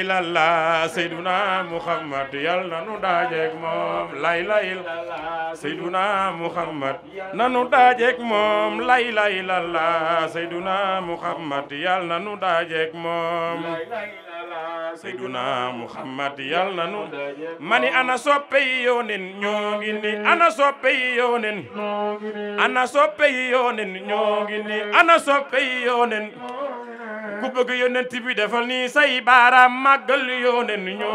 illallah sayyiduna muhammad yal na nu daajeek moom la ilaha illallah sayyiduna muhammad na nu daajeek moom la ilaha yal na nu daajeek moom mani ana soppe yi yoonin ana soppe yi ana soppe yi yoonin ana soppe yi ku bëgg yonent bi defal ni say baaraam màggal yonent ñu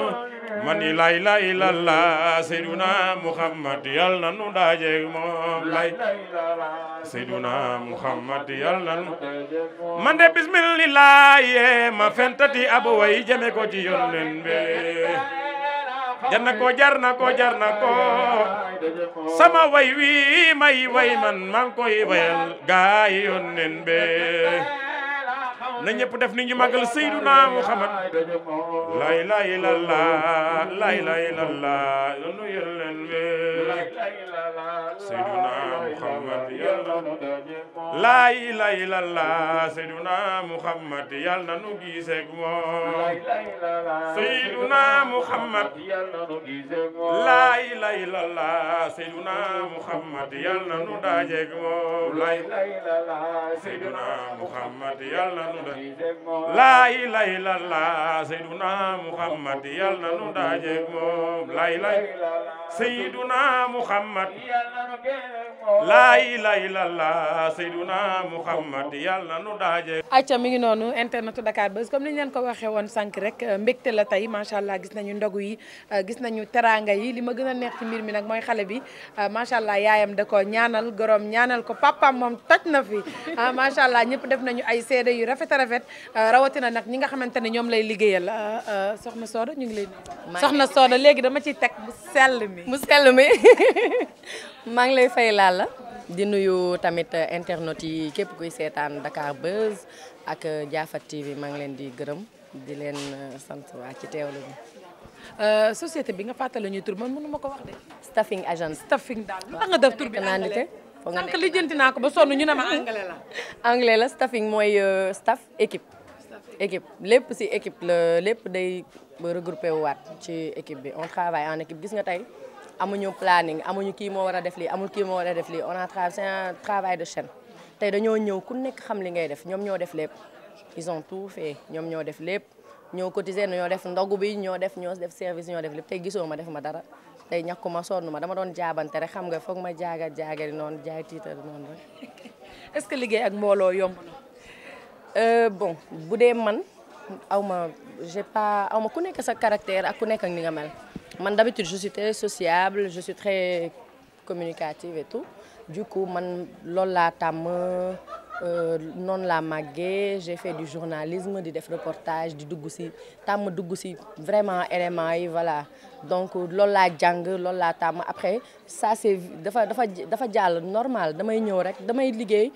mani lay lay lalla seyduna muhammad yal na nu dajeeg moom lay seyduna muhammad yal na man de bismillahi ma fentati abu way jame ko ci yonent bi jar sama way wi may way man man koy wayal gaay yonent bi na ñëpp def ni ñu màggal sayyiduna muhammad la ilaha illallah la ilaha illallah lanu yelen we sayyiduna muhammad yàlla la ilaha illallah sayyiduna muhammad yàlla na nu gisee ak moom sayyiduna muhammad la ilaha illallah sayyiduna muhammad yàlla na nu dajeeg moom la ilaha illallah sayyiduna muhammad yàlla na nu laa ilaha illallah sayyiduna muhammad yal na nu dajeeg moom laa ilaha sayyiduna muhammad laa ilaha illallah sayyiduna muhammad yal na nu dajeeg acca mi ngi noonu internet Dakar Buzz comme ni ñu leen ko waxee woon sànq rek euh, mbégte la tey macha allah gis nañu ndogu yi euh, gis nañu teraanga yi li ma gën a neex ci mbir mi nag mooy xale bi euh, macha allah yaayam da ko ñaanal gorom ñaanal ko papam moom toj na fi ah, macha allah ñëpp def nañu ay seede yu rafet rafet euh, rawatina nag ñi nga xamante ne ñoom lay liggéeyal euh, euh, soxna Soda ñu ngi lay nuyu. soxna Soda léegi dama ci teg mu sell mi. mu sell mi maa ngi lay fay laal la di nuyu tamit internet yi képp kuy seetaan Dakar Buzz ak Jafat TV maa ngi leen di gërëm di leen sant waa ci teewlu bi. société bi nga fàttali ñuy tur man mënu ko wax de. staffing agent. staffing daal nga def tur bi naan fa nga nekk lijjanti naa ko ba sonn ñu ne ma ah. anglais la. anglais la staffing mooy euh, staff équipe. équipe lépp si équipe la lépp day regroupé waat ci équipe bi on travaille en équipe gis nga tey amuñu planning amuñu kii moo war a def lii amul kii moo war a def lii on a tra c'est un travail de chaîne tey dañoo ñëw ku nekk xam li ngay def ñoom ñoo def lépp ils ont tout fait ñoom ñoo def lépp ñoo cotiser ñoo def ndogu bi ñoo def ñoo def service ñoo def lépp tey gisoo ma def ma dara. tey ñàkku ma sonn ma dama doon jaabante rek xam nga foog ma jaagat jaagari noonu jaay tiital noonu rek. est-ce que liggéey ak mbooloo yomb euh, bon bu dee man aw ma j'ai pas aw ku nekk sa caractère ak ku nekk ak ni nga mel man d'habitude je suis sociable je suis très communicative tout du coup man loolu laa Euh, noonu laa màggee j'ai fait du journalisme di def reportage di dugg si tàmm dugg si vraiment éléments yi voilà donc loolu laa jàng loolu laa tàmm après ça c'est dafa dafa dafa jàll normal damay ñëw rek damay liggéey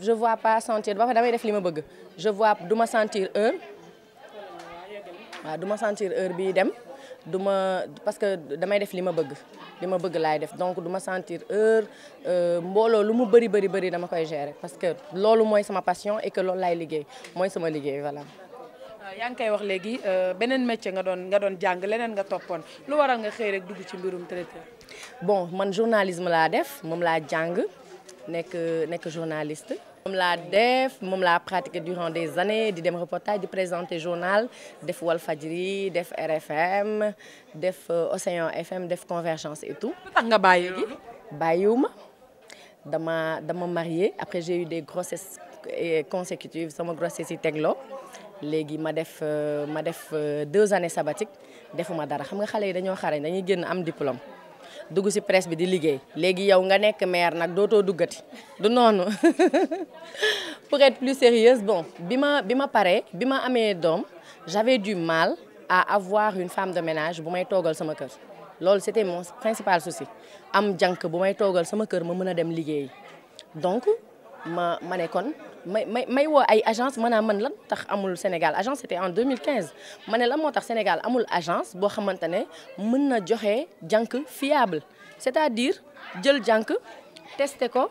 je vois pas sentir ba damay def li ma bëgg je vois du ma sentir heure waaw du ma sentir heure bi dem. du ma parce que damay def li ma bëgg li ma bëgg laay def donc du ma sentir heure euh, mbooloo lu mu bëri bëri bëri dama koy gérer parce que loolu mooy sama passion et que loolu laay liggéey mooy sama liggéey voilà. Euh, yaa ngi koy wax léegi euh, beneen métier nga doon nga doon jàng leneen nga toppoon lu waral nga xëy rek dugg ci mbirum traiteur. bon man journalisme laa def moom laa jàng nekk nekk journaliste. moom laa def moom laa pratiqué durant des années di dem reportage di présenter journal def Walfadjri def RFM def euh, Océan FM def Convergence et tout. tax nga bàyyi loolu. bàyyiwuma dama dama mariée après j'ai eu des grossesses euh, consécutives sama grossesse yi teglo léegi ma def euh, ma def deux années sabbatiques defuma dara xam nga xale yi dañoo xarañ dañuy génn am diplôme. dugg si presse bi di liggéey léegi yow nga nekk maire nag dootoo duggati du noonu pour être plus sérieuse bon bi ma bi ma paree bi ma amee doom j'avais du mal à avoir une femme de ménage bu may toogal sama kër loolu c'était mon principal souci am jànk bu may toogal sama kër ma mën a dem liggéey donc ma ma ne kon may may may woo ay agence maanaam man lan tax amul Sénégal agence c'était en 2015 ma ne lan moo tax Sénégal amul agence boo xamante ne mën na joxe jànk fiable c'est-à-dire jël jànk tester ko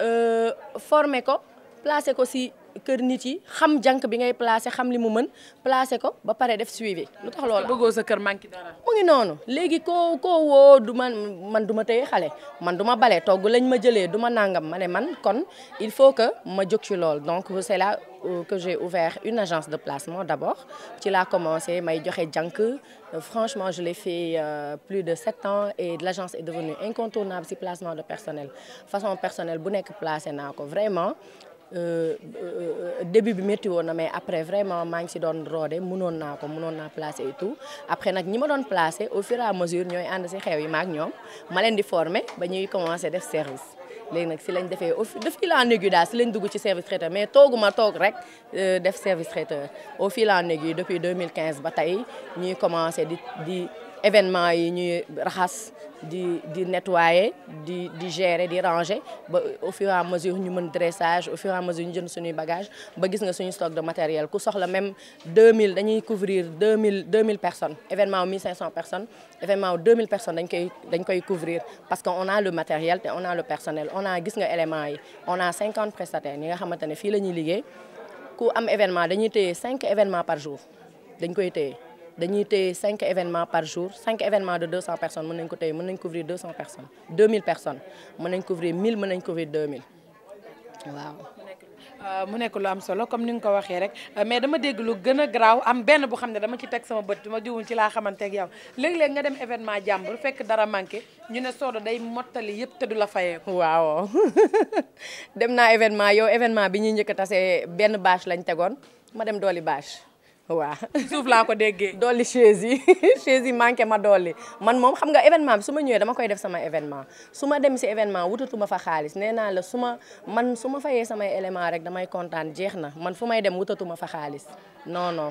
euh, former ko placer ko si kër nit yi xam jànk bi ngay placé xam li mu mën placé ko ba pare def suivi lu tax loolu bëggoo sa kër manqué dara mu ngi noonu léegi koo koo woo du man man duma ma xale man du ma bale togg lañ ma jëlee du ma nàngam ma ne man kon il faut que ma jóg ci lool donc c'est là euh, que j'ai ouvert une agence de placement d'abord ci la commencé may joxe jànk franchement je l'ai fait euh, plus de sept ans et l'agence est devenue incontournable si placement de personnel façon personnel bu nekk placé naa ko vraiment Euh, euh, euh, début bi métti woon na mais après vraiment maa ngi si doon roode mënoon naa ko mënoon naa placer et tout après nag ñi ma doon placer au fur et à mesure ñooy ànd si xew yi ak ñoom ma leen di former ba ñuy commencer def service léegi nag si lañ defee au fil en aiguille daal si lañ dugg ci service traiteur mais tooguma toog rek def service traiteur au fil en aiguille depuis 2015 ba tey ñuy commencer di di événement yi ñuy raxas di di nettoyer di di gérer di ranger ba au fur et à mesure ñu mën dressage au fur et à ñu jënd suñuy bagage ba gis nga suñu stock de matériel ku soxla même 2000 dañuy couvrir 2000 2000 personnes événement 1500 personnes événement 2000 personnes dañ koy dañ koy couvrir parce que on a le matériel te on a le personnel on a gis nga éléments yi on a 50 prestataires yi nga xamante ne fii la ñuy liggéey ku am événement dañuy téye cinq événement par jour dañ koy téye. dañuy téye cinq événement par jour cinq événements de deux cent personnes mën nañ ko téye mën nañ couvrir deux cent personnes deux mille personnes mën nañ couvrir mille mën nañ couvrir deux mille waaw. Euh, mu nekk lu am solo comme ni nga ko waxee rek euh, mais dama dégg lu gën a garaaw am benn bu xam ne dama ci teg sama bët ma jiwul ci laa xamante ak yow léeg-léeg nga dem événement jàmbur fekk dara manqué ñu ne Soda day mottali yëpp te du la fayee. waaw dem naa événement yow événement bi ñuy njëkk a tase benn bâche lañ tegoon ma dem dooli bâche. waaw suuf laa ko déggee. dolli chaise yi chaise manqué ma dolli man moom xam nga événement bi su ma ñëwee dama koy def sama événement su ma dem si événement wutatuma fa xaalis nee naa la su ma man su ma fayee samay élément rek damay kontaan jeex na man fu may dem wutatuma fa xaalis no non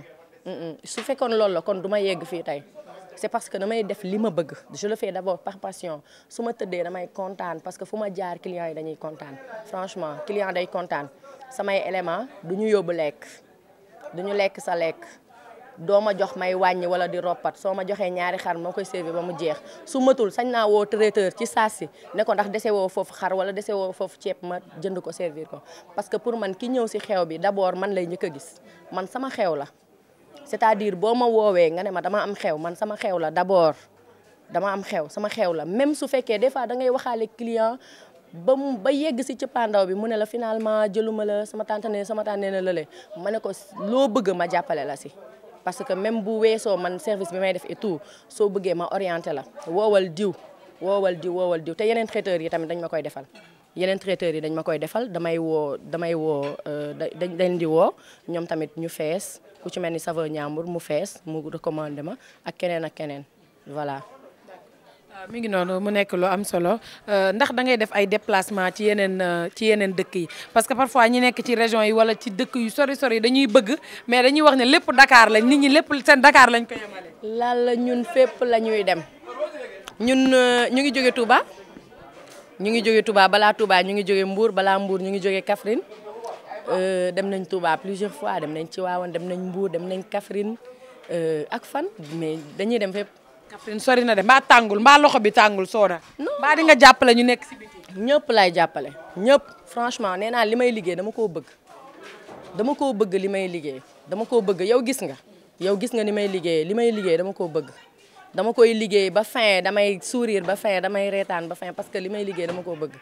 su fekkoon loolu la kon du ma yegg fii tey c'est parce que damay def li ma bëgg je le fais d'abord par passion su ma tëddee damay kontaan parce que fu ma jaar clients yi dañuy kontaan franchement client day kontaan samay élément du ñu yóbbu lekk. du ñu lekk sa lekk doo ma jox may wàññi wala di roppat soo ma joxee ñaari xar moo koy servi ba mu jeex su matul sañ naa woo traiteur ci saa si ne ndax dese woo foofu xar wala dese woo foofu ceeb ma jënd ko servir ko parce que pour man ki ñëw si xew bi d'abord man lay njëkk a gis man sama xew la c'est-à-dire boo ma woowee nga ne ma dama am xew man sama xew la d'abord dama am xew sama xew la même su fekkee des fois waxaale client ba mu ba yegg si cëppaandaw bi mu ne la finalement jëluma la sama tante sama tante ne la le ma ne ko loo bëgg ma jàppale la si. parce que même bu weesoo man service bi may def et tout soo bëggee ma orienté la woowal diw woowal diw woowal diw te yeneen traiteurs yi tamit dañ ma koy defal. yeneen traiteurs yi dañ ma koy defal damay woo damay woo euh, dañ dañ di woo ñoom tamit ñu fees ku ci mel ni saveur ñaambur mu fees mu recommandé ma ak keneen ak keneen voilà. waaw ah, mi ngi noonu mu nekk lu am solo euh, ndax da ngay def ay déplacement ci yeneen euh, ci yeneen dëkk yi parce que parfois ñi nekk ci région yi wala ci dëkk yu sori sori dañuy bëgg mais dañuy wax ne lépp dakaar lañ nit ñi lépp seen dakaar lañ ko yemale. laal ñun fépp la ñuy dem ñun euh, ñu ngi jóge Touba ñu ngi jóge Touba balaa Touba ñu ngi jóge mbuur balaa mbuur ñu ngi jóge Kaffrine dem nañ Touba plusieurs fois dem nañ ci waawan dem nañ Mbour dem nañ Kaffrine ak fan mais dañuy dem fépp. Kaffrine sori na de mbaa tàngul mbaa loxo bi tàngul sooda. mbaa di nga jàppale ñu nekk si biti. ñëpp laay jàppale ñëpp franchement nee naa li may liggéey dama koo bëgg dama koo bëgg li may liggéey dama koo bëgg yow gis nga yow gis nga ni may liggéey li may liggéey dama koo bëgg dama koy liggéey ba fin damay sourire ba fin damay reetaan ba fin parce que li may liggéey dama koo bëgg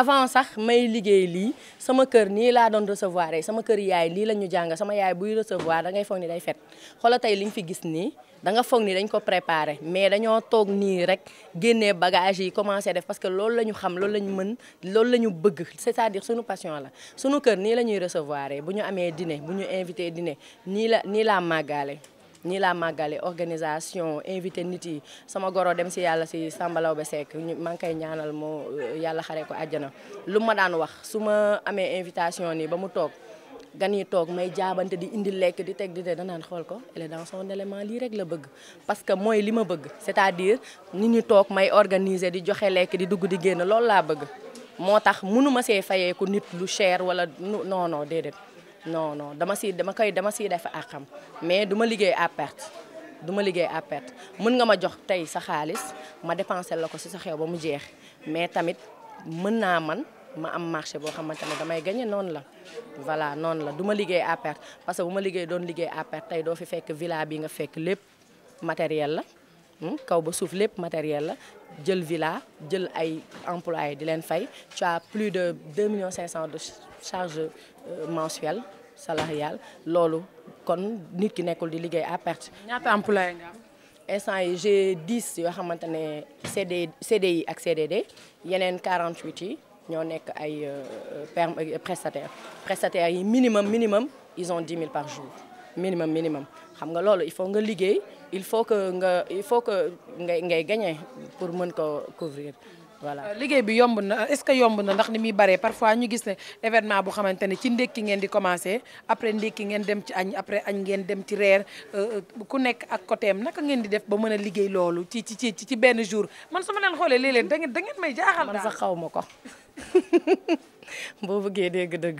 avant sax may liggéey lii sama kër nii laa doon recevoir sama kër yaay lii la ñu jàng sama yaay buy recevoir da ngay foog ni day fet xoola tey li fi da nga foog nii dañ ko préparer mais dañoo toog nii rek génnee bagage yi commencé def parce que loolu la ñu xam loolu la ñu mën loolu la ñu bëgg c'est-à-dire suñu passion la suñu kër nii la ñuy recevoir bu ñu amee dîner bu ñu invité dîner nii la nii laa màggaale nii laa màggale organisation invité nit yi sama goro dem si yàlla si Samba Laobé Seck maa ngi koy ñaanal moo yàlla xaree ko àjjana lu ma daan wax su ma amee invitation nii ba mu toog gan toog may jaabante di indi lekk di teg di teg danaan xool ko elle est dans son élément lii rek la bëgg parce que mooy li ma bëgg c'est-à-dire nit ñu toog may organiser di joxe lekk di dugg di génn loolu laa bëgg moo tax mënu see fayeeku nit lu cher wala non non déedéet noo noo dama si dama koy dama siy def ak xam mais duma liggéey à perte du ma liggéey à perte mën nga ma jox tey sa xaalis ma dépensé la ko si sa xew ba mu jeex mais tamit mën naa man ma am marché boo xamante ne damay gagné noonu la voilà noon la duma liggéey à perte parce que bu ma liggéey doon liggéey à perte tey doo fi fekk villa bi nga fekk lépp matériel la hmm? kaw ba suuf lépp matériel la jël villa jël ay employés di leen fay tu as plus de 2 millions 500 de charge euh, mensuelle salariale loolu kon nit ki nekkul di liggéey à perte. ñaata employés nga am. instant yi j'ai 10 yoo xamante ne CD CDI ak CDD yeneen 48 yi. ñoo nekk ay euh, euh, perm euh, prestataire prestataires yi minimum minimum ils ont 10 mille par jour minimum minimum xam nga loolu il faut nga liggéey il faut que nga il faut que ngay ngay gagner pour mën ko couvrir voilà liggéey bi yomb na est-ce que yomb na ndax ni muy baree parfois ñu gis ne événement bu xamante ne ci ndékki ngeen di commencer après ndékki ngeen dem ci añ après añ ngeen dem ci reer ku nekk ak côté am naka ngeen di def ba mën a liggéey loolu ci ci ci ci benn jour man su ma leen xoolee léeg-léeg da ngeen da ngeen may jaaxal. man sax xaw ko. boo bëggee dégg-dëgg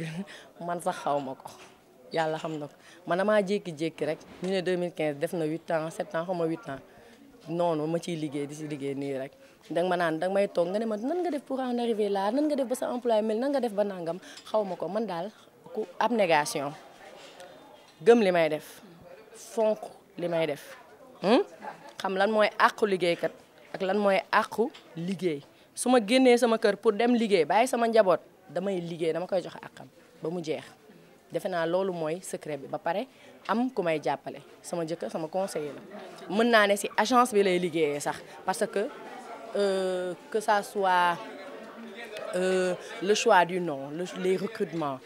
man sax xaw ma ko yàlla xam na ko man na maa jékki-jékki rek ñu ne 2015 def na 8 ans 7 ans xaw ma 8 ans noonu ma ciy liggéey di si liggéey nii rek danga ma naan danga may toog nga ne ma nan nga def pour en arriver là nan nga def ba sa emploi mel nan def ba nangam xaw ma ko man daal ku négation gëm li may def fonk li may def hmm? xam lan mooy àqu liggéeykat ak lan mooy àqu liggéey su ma génnee sama kër pour dem liggéey bàyyi sama njaboot damay liggéey dama koy joxe àqam ba mu jeex defe naa loolu mooy secret bi ba pare am ku may jàppale sama jëkkër sama conseiller la mën naa ne si agence bi lay liggéeyee sax parce que euh, que ça soit euh, le choix du nom le, les recrutements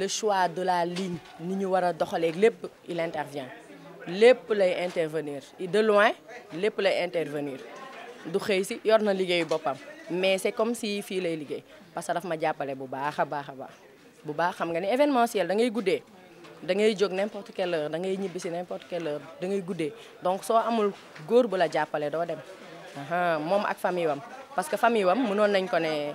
le choix de la ligne ni ñu war a doxaleeg lépp il intervient lépp lay intervenir de loin lépp lay intervenir du xëy si yor na liggéeyu boppam mais c'est comme si fii lay liggéey parce que daf ma jàppale bu baax a baax a baax bu baax xam nga ni événementiel da dangay guddee da ngay jóg n'importe quelle heure da ngay ñibbi si n'importe quelle heure da ngay guddee donc soo amul góor bu la jàppale doo dem moom ak famille wam parce que famille wam mënoon nañ ko ne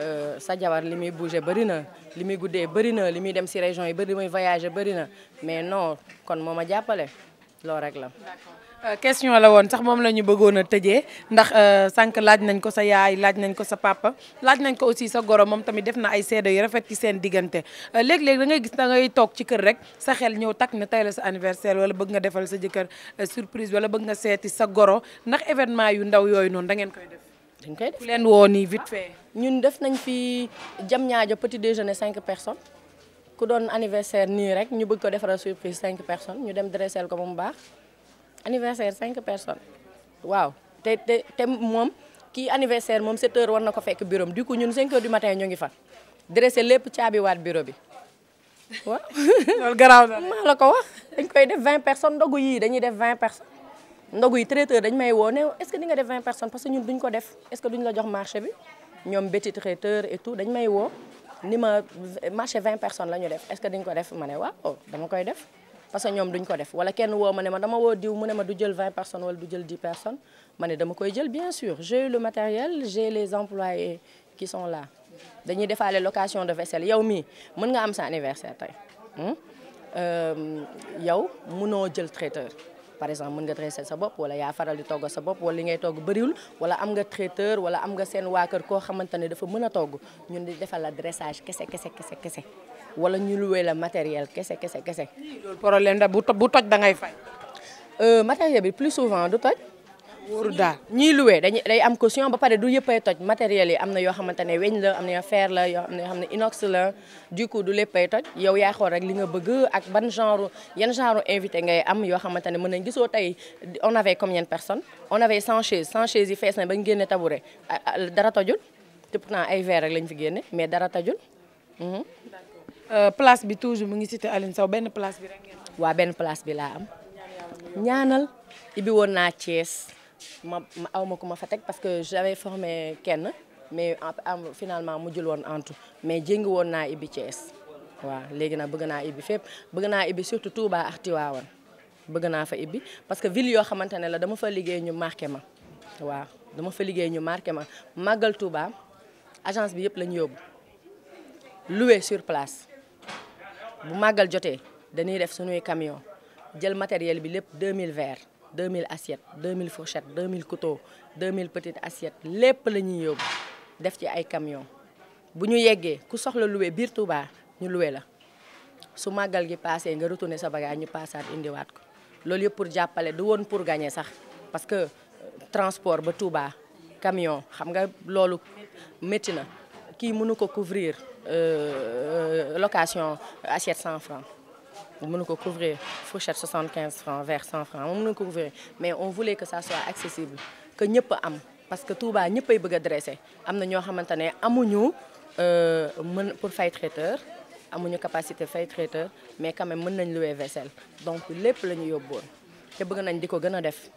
euh, sa jabar li muy bouger bëri na li muy guddee bëri na li muy dem si région yi bëri muy voyager bëri na mais non kon moo ma jàppale loolu rek la Euh, question la woon sax moom la ñu bëggoon a tëjee ndax euh, sànq laaj nañ ko sa yaay laaj nañ ko sa papa laaj nañ ko aussi sa goro moom tamit def na ay seede yu rafet ci seen diggante euh, léeg-léeg gis da ngay toog ci kër rek sa xel ñëw takk na tey la sa anniversaire wala bëgg nga defal sa jëkkër surprise wala bëgg nga seeti sa goro ndax événement yu ndaw yooyu noonu da ngeen koy def. dañ leen woo nii vite fait. ñun def nañ fi jam ñaajo petit déjeuner cinq personnes ku doon anniversaire nii rek ñu bëgg ko defaral surprise cinq personnes ñu dem dressel ko ba baax. anniversaire cinq personnes waaw te te te moom kii anniversaire moom sept war na ko fekk bureau di ko ñun cinq heures du matin ñu ngi fa dressé lépp caabiwaat bureau bi waaw. loolu garaaw na maa la ko wax dañ koy def vingt personnes ndogu yii dañuy def vingt personnes ndogu yi traiteur dañ may woo ne est-ce que di nga def vingt personnes parce que ñun duñ ko def est-ce que duñ la jox marché bi ñoom béti traiteur et tout dañ may woo ni ma marché vingt personnes la ñu def est-ce dañ ko def ma ne waaw dama koy def. parce que ñoom duñ ko def wala kenn woo ma ne ma dama woo diw mu ne ma du jël 20 personnes wala du jël 10 personnes ma ne dama koy jël bien sûr j'ai eu le matériel j'ai les employés qui son là dañuy defaale location de vaisselle yow mii mën nga am sa anniversaire tey hmm? euh, yow mënoo jël traiteur par exemple mën nga traiter sa bopp wala yaa faral di togg sa bopp wala li ngay togg bëriwul wala am nga traiteur wala am nga seen waa kër koo xamante ne dafa mën a togg ñun di defal la dressage kese kese kese kese wala ñu luwee la matériel kese kese kese. loolu problème da bu toj da ngay fay. Euh, matériel bi plus souvent du toj. wóoru daal ñiy loué dañuy day am costion ba pare du yëppay toj matériel yi am na yoo xamante ne weñ la am na yoo fer la yoo xam ne inox la du coup du léppay toj yow yaa xool rek li nga bëgg ak ban genre yan genre invité ngay am yoo xamante ne mën nañ gisoo tey on avait comme de personnes on avait 100 chaises 100 chaises yi fees na ba génne tabouret dara tojul te pourtant ay ver rek lañ fi génne mais dara tojul. Mhm. Euh, place bi toujours mu ngi cité Aline Sow benn place bi rek waa benn place bi laa am. ñaanal ibi woon naa Thiès ma ma aw ma ko ma fa teg parce que j'avais formé kenn mais am finalement mujjul woon antu mais jéngi woon naa ibi Thiès waaw léegi nag bëgg naa ibbi fépp bëgg naa ibbi surtout Touba ak Tivaouane bëgg naa fa ibbi parce que ville yoo xamante ne la dama fa liggéey ñu marqué ma waaw dama fa liggéey ñu marqué ma màggal Touba agence bi yëpp lañu yóbbu loué place. bu màggal jotee dañuy def suñuy camion jël matériel bi lépp deux mille 2000 verres 2000 assiettes 2000 fourchettes 2000 couteaux 2000 petites assiettes lépp la ñuy yóbbu def ci ay camion bu ñu yeggee ku soxla loué biir Touba ñu loué la su màggal gi paasee nga retourné sa bagage ñu paasaat indiwaat ko loolu yëpp pour jàppale du woon pour gagner sax parce que transport ba Touba camion xam nga loolu métti na. kii mënu ko couvrir euh, location assiette cent francs mënu ko couvrir fourchette 75 francs verre 100 francs mënu ko couvrir mais on voulait que ça soit accessible que ñëpp am parce que Touba ñëppay bëgg a dressé am na ñoo xamante ne amuñu euh, mën pour fay traiteur amuñu capacité fay traiteur mais quand même mën nañ we vaisselle donc lépp lañu ñu yóbboon te bëgg nañ di ko gën a def.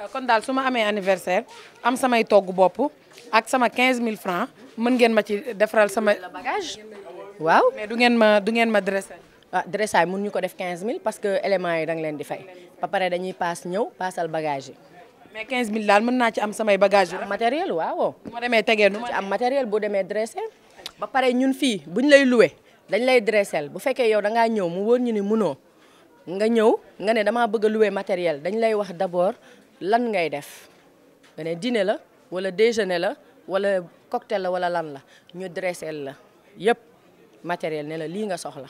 Euh, kon daal su ma amee anniversaire am samay togg bopp. ak sama quinze 15000 francs mën ngeen ma ci defaral sama bagage. waaw mais du ngeen ma du ngeen ma dressé. ah dressage mun ñu ko def mille parce que élément yi da leen di fay ba dañuy paas ñëw paasal bagage yi. mais 15000 daal mën naa ci am samay bagage yu matériel waaw. bu ma demee tegee nu ma ci am matériel bu demee dressé. ba pare ñun fii bu ñu lay loué dañ lay dressel bu fekkee yow da ngaa ñëw mu wóor ñu ni munoo nga ñëw nga ne damaa bëgg a loué dañ lay wax d'abord lan ngay def nga la. wala déjeuner la wala cocktail la wala lan la ñu dressel la yëpp matériel ne la lii nga soxla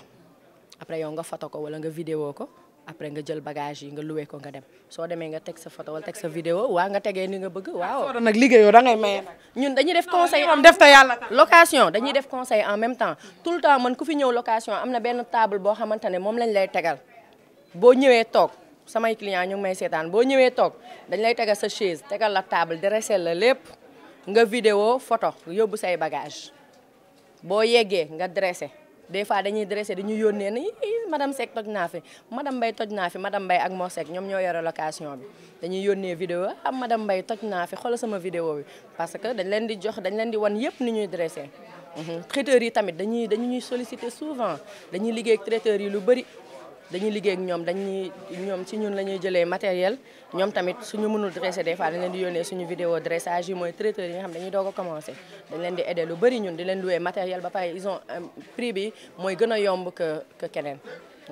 après yow nga foto ko wala nga vidéo ko après nga jël bagage yi nga loué ko nga dem soo demee nga teg sa photo wala teg sa vidéo waa nga tegee ni nga bëgg waaw. soo nag liggéeyoo da ngay maye ñun dañuy def conseil am def ta yàlla. location dañuy def conseil en même temps tout le temps man ku fi ñëw location am na benn table boo xamante ne moom lañ lay tegal boo ñëwee toog. samay client ñu ngi may seetaan boo ñëwee toog dañ lay tegal sa chaise tegal la table dressel la lépp nga vidéo photo yóbbu say bagage boo yeggee nga dressé des fois dañuy dressé dañuy yónnee ni madame Seck toj naa fi madame Mbaye toj naa fi madame Mbaye ak Mor Seck ñoom ñoo yore bi dañuy yónnee vidéo am ah, madame Mbaye toj naa fi xoolal sama vidéo bi parce que dañ leen di jox dañ leen di wan yëpp ni ñuy dressé mhm. traiteurs yi tamit dañuy dañuy souvent dañuy liggéey ak traiteurs yi lu bëri dañuy liggéey ñoom dañuy ñoom ci ñun la ñuy jëlee matériel ñoom tamit suñu mënul dressé des fois dañ leen di yónnee suñu vidéo dressage yi mooy traiteur yi nga xam dañuy doog a dañ leen di aider lu bëri ñun di leen louer matériel ba pare ils ont euh, prix bi mooy gën a yomb que keneen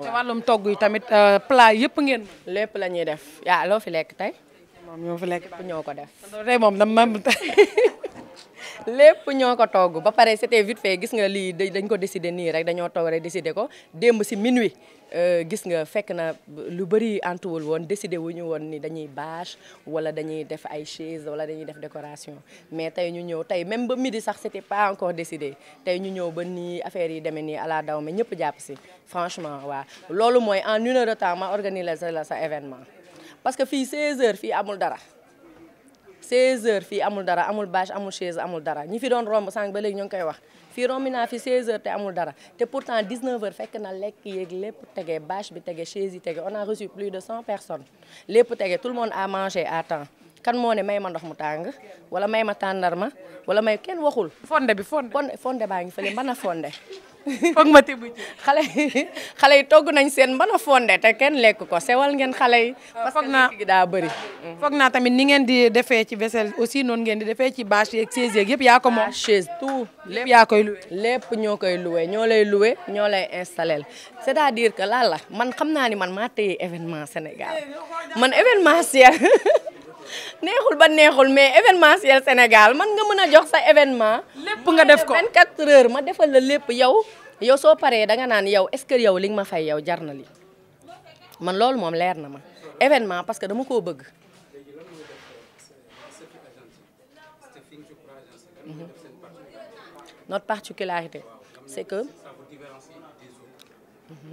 ci wàllum togg yi tamit euh, plat yëpp ngeen lépp la ñuy def yaa loo fi lekk tey moom ñoo fi lekk ñoo ko def lépp ñoo ko togg ba pare c'était vite fait gis nga lii dañ ko décider nii rek dañoo togg rek décider ko démb si minuit euh, gis nga fekk na lu bëri antuwul woon décider wu ñu woon ni dañuy bâche wala dañuy def ay chaise wala dañuy def décoration mais tey ñu ñëw tey même ba midi sax c'était pas encore décidé tey ñu ñëw ba nii affaire yi demee nii ala daw mais ñëpp jàpp si franchement waa loolu mooy en une heure de temps ma organiser la sa événement parce que fii 16 heures fii amul dara 16 heures fii amul dara amul bâche amul chaise amul dara ñi fi doon romb sànq ba léegi ñu ngi koy wax fii romb naa fi 16 heures te amul dara te pourtant 19 heures fekk na lekk yeeg lépp tege bâche bi tege chaise yi tege on a reçu plus de 100 personnes lépp tege tout le monde a mangé à temps kan moo ne may ma ndox mu tàng wala may ma tàndarma wala may kenn waxul. fonde bi fonde fonde fonde baa ngi fële mën a fonde. foog ma tibb ci xale yi xale togg nañ seen mën a fonde te kenn lekk ko sewal ngeen xale yi. Euh, foog naa parce daa bëri. Mm. foog naa tamit ni ngeen di defee ci vaisselle aussi noonu ngeen di defee ci bâche yeeg chaise yeeg yëpp yaa ko moom. chaise tout lépp yaa koy loué. lépp ñoo koy lo ñoo lay loué ñoo lay installé c'est-à-dire que la man xam naa ni man maa téye événement Sénégal eh, man événement Sénégal. neexul ba neexul mais événement événementiel Sénégal man nga mën a jox sa événement. lépp nga def ko 24 heures ma defal la lépp yow. yow soo paree danga naan yow est-ce que yow li nga ma fay yow jar na li man loolu moom leer na ma événement parce que dama koo bëgg. Mhm. notre particularité c'est que mhm.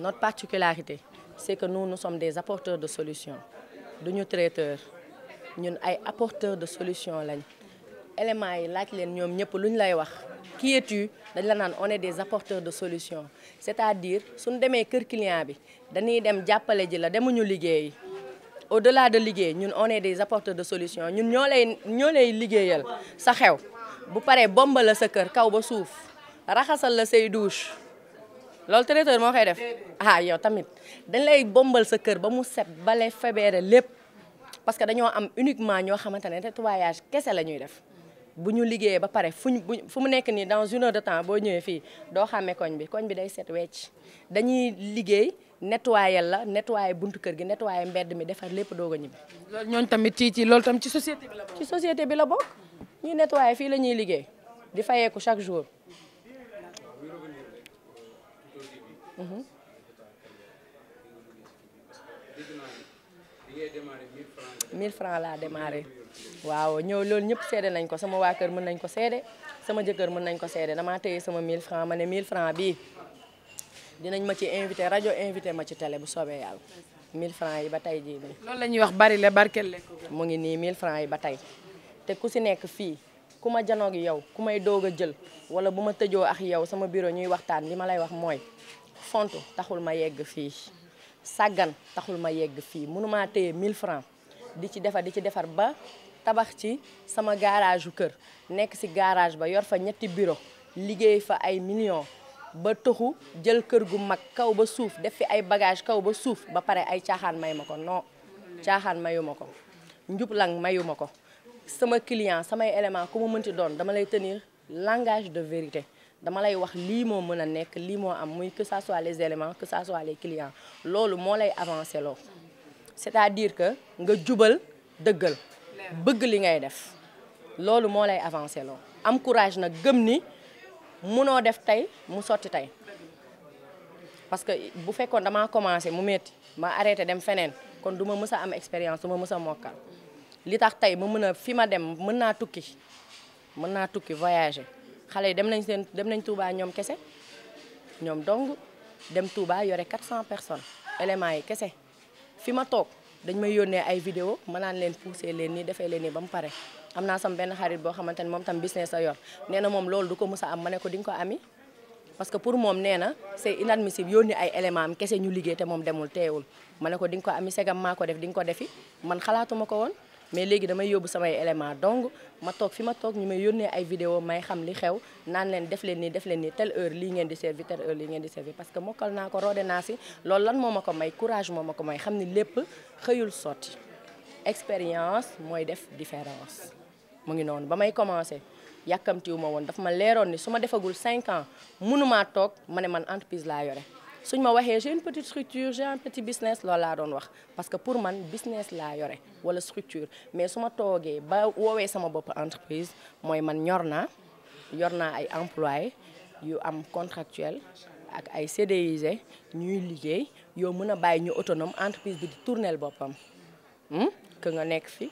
notre particularité c'est que nous nous sommes des apporteurs de solutions duñu traiteurs. ñun ay apporteurs de solution lañ éléments yi laaj leen ñoom ñëpp luñ lay wax qui es dañ la naan on des apporteurs de solution c'est-à-dire suñ demee kër client bi dañuy dem jàppale ji la demuñu liggéey au-delà de liggéey ñun on des apporteurs de solution ñun ñoo lay ñoo lay liggéeyal sa xew bu paree bomba sa kër kaw ba suuf raxasal la say douche loolu traiteur moo koy def ah yow tamit dañ lay bombal sa kër ba mu set bale febeere lépp parce que dañoo am uniquement ñoo xamante ne nettoyage kese la ñuy def bu ñu liggéeyee ba pare fuñ fu mu nekk nii dans une de temps boo ñëwee fii doo xàmmee koñ bi koñ bi day set wecc dañuy liggéey nettoyer la nettoyer buntu kër gi nettoyer mbedd mi defar lépp doog a ñibbi. loolu ñooñu tamit ci ci loolu tam ci société bi la bokk. ci société bi la bokk ñuy nettoyer fii la ñuy liggéey di fayeeku chaque jour. Mmh. 1000 francs laa démarré waaw ñëw loolu ñëpp seede nañ ko sama waa kër mën nañ ko seede sama jëkkër mën nañ ko seede damaa teye sama 1000 francs ma ne 1000 francs bii dinañ ma ci invité rajo invité ma ci télé bu soobee yàlla 1000 francs yi ba tey jii loolu la ñuy wax bari la barkeel mu ngi nii 1000 yi ba tey te ku si nekk fii ku ma janoog yow ku may doog a jël wala bu ma tëjoo ak yow sama bureau ñuy waxtaan li ma lay wax mooy font taxul ma yegg fii sàggan taxul ma yegg fii mënumaa téye mille francs di ci defar di ci defar ba tabax ci sama garage kër nekk si garage ba yor fa ñetti bureau liggéey fa ay millions ba toxu jël kër gu mag kaw ba suuf def fi ay bagage kaw ba suuf ba pare ay caaxaan may ma ko non caaxaan mayuma ko njublang mayu ma ko sama client samay élément ku ma mënti doon dama lay tenir langage de vérité dama lay wax lii moo mën a nekk lii moo am muy que ça soit les éléments que loolu moo lay avancé loo c'est-à-dire que nga jubal dëggal bëgg li ngay def loolu moo lay avancé loo am courage nag gëm ni munoo def tey mu sotti tey parce que bu fekkoon damaa commencé mu metti ma arrêté dem feneen kon du ma mës a am expérience du ma mës a mokkal li tax tey ma mën a fi ma dem mën naa tukki mën naa tukki voyager xale yi dem nañ seen dem nañ Touba ñoom kese ñoom dong dem tuubaa yore 400 personnes éléments yi kese fi ma toog dañ may yónnee ay vidéo ma naan leen poussé leen nii defee leen nii ba mu pare am naa sam benn xarit boo xamante ne moom tam business sa yor nee na moom loolu du ko mës a am ma ne ko di nga ko ami parce que pour moom nee na c'est inadmissible yónni ay élément am kese ñu liggéey te moom demul teewul ma ne ko di nga ko ami segam maa ko def di nga ko defi man xalaatuma ko woon mais léegi damay yóbbu samay élément donc ma toog fi ma toog ñu may yónnee ay vidéo may xam li xew naan leen def leen nii def leen nii telle heure lii ngeen di servi telle heure lii ngeen di servi parce que mokkal naa ko roode naa si loolu lan moo ma ko may courage moom ma ko may xam ni lépp xëyul sotti expérience mooy def différence mu ngi noonu ba may commencé yàkkamtiwu woon dafa ma leeroon ni su ma defagul 5 ans mënumaa toog ma ne man entreprise laa yore suñ ma waxee jeune une petite structure j'ai un business loolu laa doon wax parce que pour man business laa yore wala structure mais su ma toogee ba woowee sama bopp entreprise mooy man ñor naa yor naa ay employés yu am contractuel ak ay CDIG ñuy liggéey yow mën a bàyyi ñu autonome entreprise bi di tournel boppam hmm? que nga nekk fi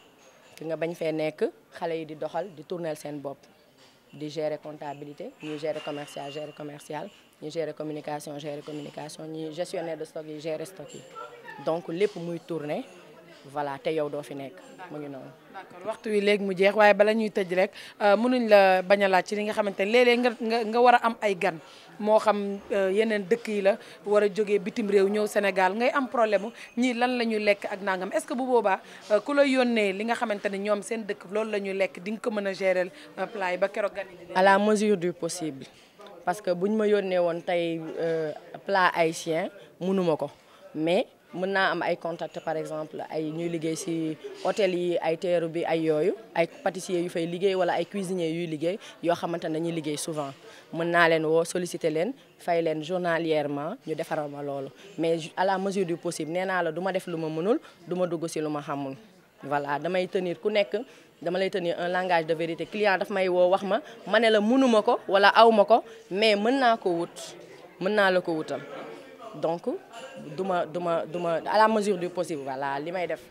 ki nga bañ fee nekk xale yi di doxal di tournel seen bopp di gérer comptabilité ñuy gérer commercial gérer commercial ñu gérer communication gérer communication ñi gestionnaire de stock yi gérer stock yi donc lépp muy tourner voilà te yow doo fi nekk mu ngi noonu. d'accord waxtu wi léegi mu jeex waaye bala ñuy tëj rek euh, mënuñ la bañ a ci li nga xamante ne léeg-léeg nga nga war a am ay gan moo xam euh, yeneen dëkk yi la war a jóge bitim réew ñëw Sénégal ngay am problème ñii lan la ñuy lekk ak nangam est-ce que bu boobaa euh, ku la yónnee li nga xamante ne ñoom seen dëkk loolu la ñuy lekk di nga ko mën a gérer ba keroog la mesure du possible. parce que bu ñu ma yónnee woon tey euh, plat haïtien mënuma ko mais mën naa am ay contact par exemple ay ñuy liggéey si hôtel yi ay teeru bi ay yooyu ay pâtissiers yu fay liggéey walla ay cuisiniers yuy liggéey yoo xamante ne dañuy liggéey souvent mën naa leen woo solliciter leen fay leen journalièrement ñu defaral ma loolu mais à la mesure du possible nee naa la duma def lu ma mënul du ma dugg si lu ma xamul voilà damay tenir ku nekk dama lay tenir un langage de vérité client daf may woo wax ma ma ne la mënuma ko wala aw ma ko mais mën naa ko wut mën naa la ko wutal donc duma duma duma à la mesure du possible voilà li may def.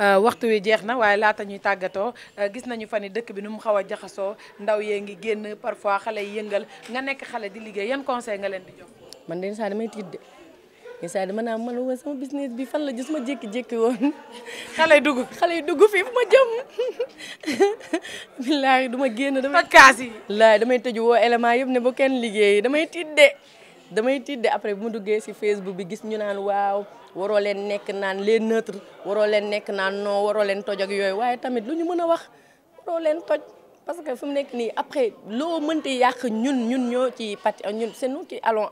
Euh, waxtu wi jeex na waaye laata ñuy tàggatoo euh, gis nañu fan ni dëkk bi nu mu xaw a jaxasoo ndaw yee ngi génn parfois xale yi yëngal nga nekk xale di liggéey yan conseil nga leen bi jox. man de saa damay tiit de saa dama naa man waa sama business bi fan la gis ma jékki-jékki woon. xale yi dugg xale yi dugg fii fu ma jëm. billaahi du ma génn damay. kaas yi. damay tëju woo élément yëpp ne bu kenn liggéey damay tiit de. damay tiit de après bu ma duggee si Facebook bi gis ñu naan waaw waroo leen nekk naan leen neutres waroo leen nekk naan non waroo leen toj ak yooyu waaye tamit lu ñu mën a wax waroo leen toj. parce que fi mu nekk nii après loo mënti yàq ñun ñun ñoo ci pati ñun c'est nous qui allons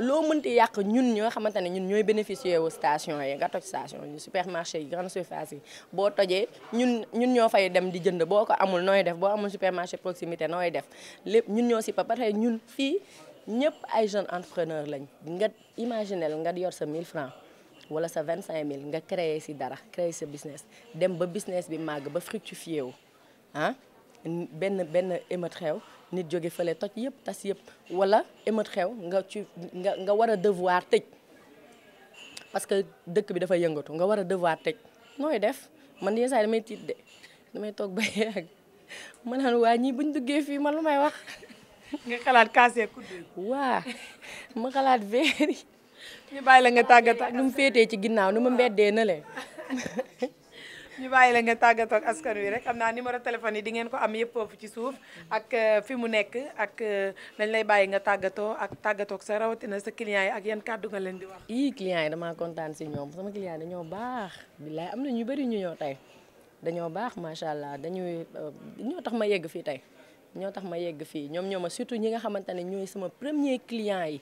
loo mënti yàq ñun ñoo xamante ne ñun ñooy bénéficier wu station yi nga toj station yi supermarché yi grande surface yi boo tojee ñun ñun ñoo fay dem di jënd boo ko amul nooy def boo amul supermarché proximité nooy def lépp ñun ñoo si papa tey ñun fii ñëpp ay jeune entrepreneur lañ nga imaginel nga yor sa mille francs wala sa vingt cinq 25000 nga créer si dara créer sa business dem ba business bi màgg ba fructifier wu ah benn benn émeute xew nit jóge fële toj yëpp tas yëpp wala émeute xew nga ci nga nga war a devoir tëj parce que dëkk bi dafa yëngatu nga war a devoir tëj nooy def man yenn saa yi damay tiit de damay toog ba yàgg ma naan waa ñii buñ duggee fii man lu may wax. nga xalaat kaasee kuddu waa ma xalaat veer yi bàyyi la nga tàggatoo nu mu féetee ci ginnaaw nu mu mbeddee na leen. ñu bàyyi la nga tàggatoo askan wi rek am naa numéro téléphone yi di ngeen ko am yëpp foofu ci suuf ak euh, fi mu nekk ak dañ euh, lay bàyyi nga tàggatoo ak tàggatoo sa rawatina sa client yi ak yan kàddu nga leen di wax. ii client yi damaa kontaan si ñoom sama client yi dañoo baax billaay am na ñu bëri ñu ñëw tey dañoo baax macha allah dañuy euh, ñoo tax ma yegg fii tey ñoo tax ma yegg fii ñoom ñoo ma surtout ñi nga xamante ne ñooy sama premier client yi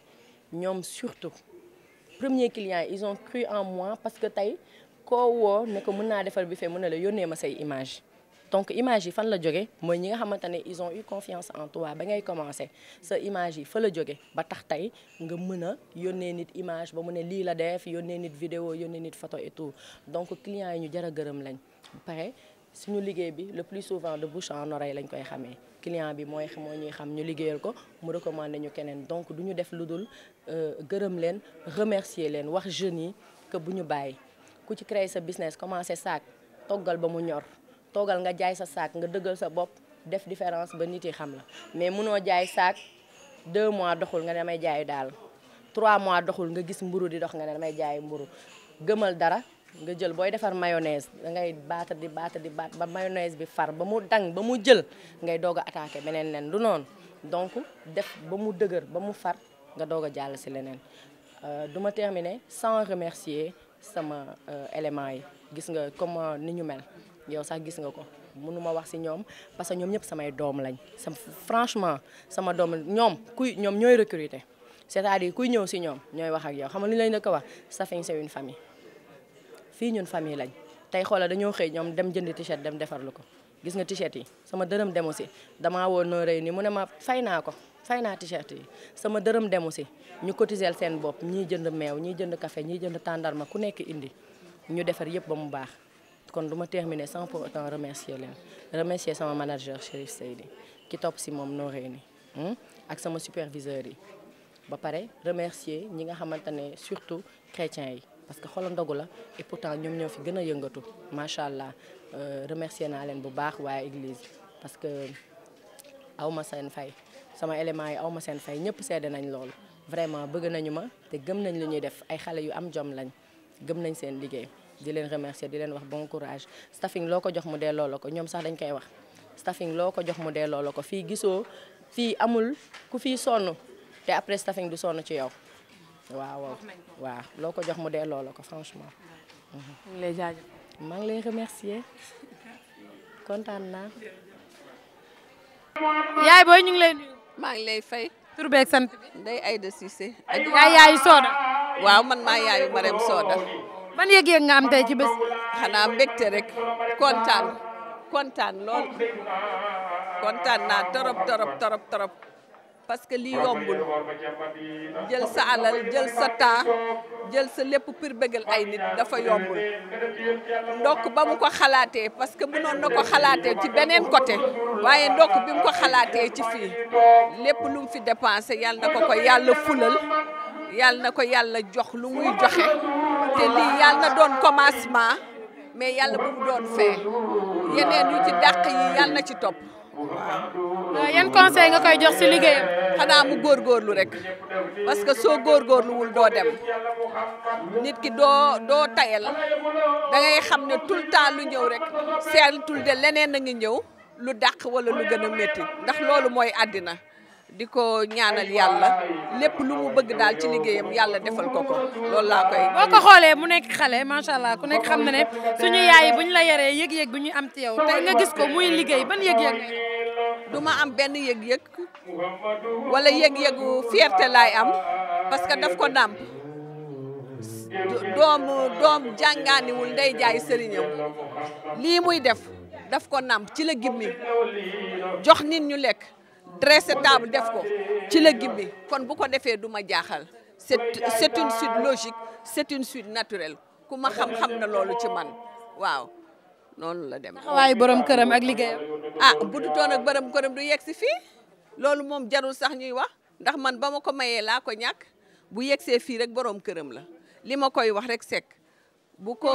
ñoom surtout premier client yi ils en moi parce que tey koo woo ne ko mën naa defar bi fee mën na la yónnee ma say image donc image yi fan la jóge mooy ñi nga xamante ne ils ont eu confiance en toi ba ngay commencé sa image yi fa la jóge ba tax tey nga mën a yónnee nit image ba mu ne lii la def yónnee nit vidéo yónnee nit photo et tout donc clients yi ñu jar a gërëm lañ pare suñu liggéey bi le plus souvent de bouche en oreille lañ koy xamee client bi mooy moo ñuy xam ñu liggéeyal ko mu recommandé ñu keneen donc du ñu def lu dul euh, gërëm leen remercier leen wax jeunes yi bu ñu bàyyi ku ci créer sa business commencé saak toggal ba mu ñor toggal nga jaay sa saak nga dëggal sa bopp def différence ba nit yi xam la mais mënoo jaay saak deux mois doxul nga damay jaay daal trois mois doxul nga gis mburu di dox nga ne damay jaay mburu gëmal dara nga jël booy defar mayonnaise da ngay baata di baata di baat ba mayonnaise bi far ba mu dang ba mu jël ngay doog a attaqué beneen leen du noonu donc def ba mu dëgër ba mu far nga doog a jàll si leneen euh, du ma sama euh, élément yi gis nga comment ni ñu mel yow sax gis nga ko mënuma wax ci ñoom parce que ñoom ñëpp samay doom lañ sam franchement sama doom ñoom kuy ñoom ñooy recruter c'est-à-dire kuy ñëw si ñoom ñooy wax ak yow xam nga lu ñu leen ko wax Staffing c'est une famille fii ñun famille lañ tey xoolal dañoo xëy ñoom dem jënd t-shirt dem defarlu ko gis nga t-shirt yi sama dërëm demu si damaa woon noo rëy ni mu ne ma fay naa ko fay naa t-shirt yi sama dërëm demu si ñu cotiseel seen bopp ñii jënd meew ñii jënd kafe ñii jënd tàndarma ku nekk indi ñu defar yëpp ba mu baax kon du ma terminer sans pour autant remercier leen remercier sama manager Chérif Seydi ki topp si moom nooree ni hmm? ak sama superviseur yi ba pare remercier ñi nga xamante ne surtout chrétiens yi parce que xoolal ndogu la et pourtant ñoom ñoo fi gën a yëngatu macha allah euh, remercier naa leen bu baax waaye église parce que aw ma seen fay. sama élément yi aw ma seen fay ñëpp seede nañ loolu vraiment bëgg nañu ma te gëm nañ li ñuy def ay xale yu am jom lañ gëm nañ seen liggéey di leen remercier di leen wax bon courage staffing loo ko jox mu delloo la ko ñoom sax dañ koy wax staffing loo ko jox mu delloo la ko fii gisoo fii amul ku fii sonn te après staffing du sonn ci yow waaw waaw loo ko jox mu delloo la ko franchement maa ngi lay remercier kontaan naa yaay booy ñu ngi maa ngi lay fay. tur beeg sant bi. Ndeye Aida yaayu Soda. waaw man maa yaayu Marème Soda. ban yëg-yëg ci bés. xanaa mbégte rek kontaan kontaan lool kontaan naa torop torop torop torop. parce que lii yombul jël sa alal jël sa temps jël sa lépp pour bëggal ay nit dafa yombul ndokk ba mu ko xalaatee parce que mënoon na ko xalaatee ci beneen côté waaye ndokk bi mu ko xalaatee ci fii lépp lu mu fi dépensé yàlla na ko ko yàlla fulal yàlla na ko yàlla jox lu muy joxe te lii yàlla doon commencement mais yàlla bu mu doon fee yeneen yu ci dàq yi yàlla na ci topp Euh, yan conseil nga koy jox si liggéeyam. xanaa mu góorgóorlu rek parce que soo góorgóorluwul doo dem nit ki doo doo tayal da ngay xam ne tout le temps lu ñëw rek seetlu de leneen a ngi ñëw lu daq wala lu gën a métti ndax loolu mooy àddina. di ko ñaanal yàlla lépp lu mu bëgg daal ci liggéeyam yàlla defal ko ko loolu laa koy. boo ko xoolee mu nekk xale macha allah ku nekk xam na ne suñu yaay bu ñu la yaree yëg-yëg bi ñu am ci yow tey nga gis ko muy liggéey ban yëg-yëg. du ma am benn yëg-yëg wala yëg-yëgu fierté laay am parce que daf ko nàmp doomu doom jàngaaniwul ndey jaay sëriñam lii muy def daf ko nàmp ci la gimmi jox nit ñu lekk. dressé table def ko ci la gibbi kon bu ko defee du ma jaaxal c'est c'est une suite logique c'est une suite naturelle ku ma xam-xam na loolu ci man waaw noonu la dem taxawaayu borom këram ak liggéeyam ah bu du toon ak borom këram du yegg si fii loolu moom jarul sax ñuy wax ndax man ba ma ko mayee laa ko ñàkk bu yegsee fii rek borom këram la li ma koy wax rek sekk bu ko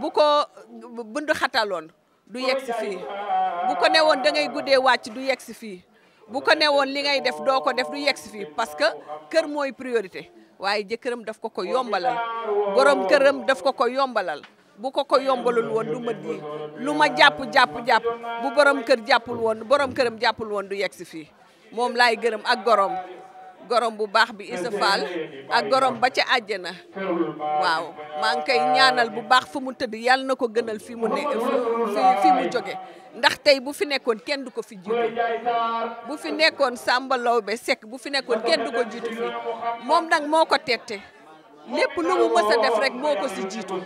bu ko bundu xataloon du yegg si fii bu ko ne woon da ngay guddee wàcc du yegg si fii bu ko ne woon li ngay def doo ko def du yegg si fii parce que kër mooy priorité waaye jëkkëram daf ko ko yombalal borom këram daf ko ko yombalal bu ko ko yombalul woon du ma di lu ma jàpp jàpp jàpp bu borom kër jàppul woon borom këram jàppul woon du yegg si fii moom laay gërëm ak gorom gorom bu baax bi Issa Fall ak gorom ba ca àjjana waaw maa ngi koy ñaanal bu baax fu mu tëdd yàlla na ko gënal fii mu ne fii mu jóge ndax tey bu fi nekkoon kenn du ko fi jiitu bu fi nekkoon Samba Laobé sekk bu fi nekkoon kenn du ko jiitu fii moom nag moo ko tette lépp lu mu mës a def rek moo ko si jiitu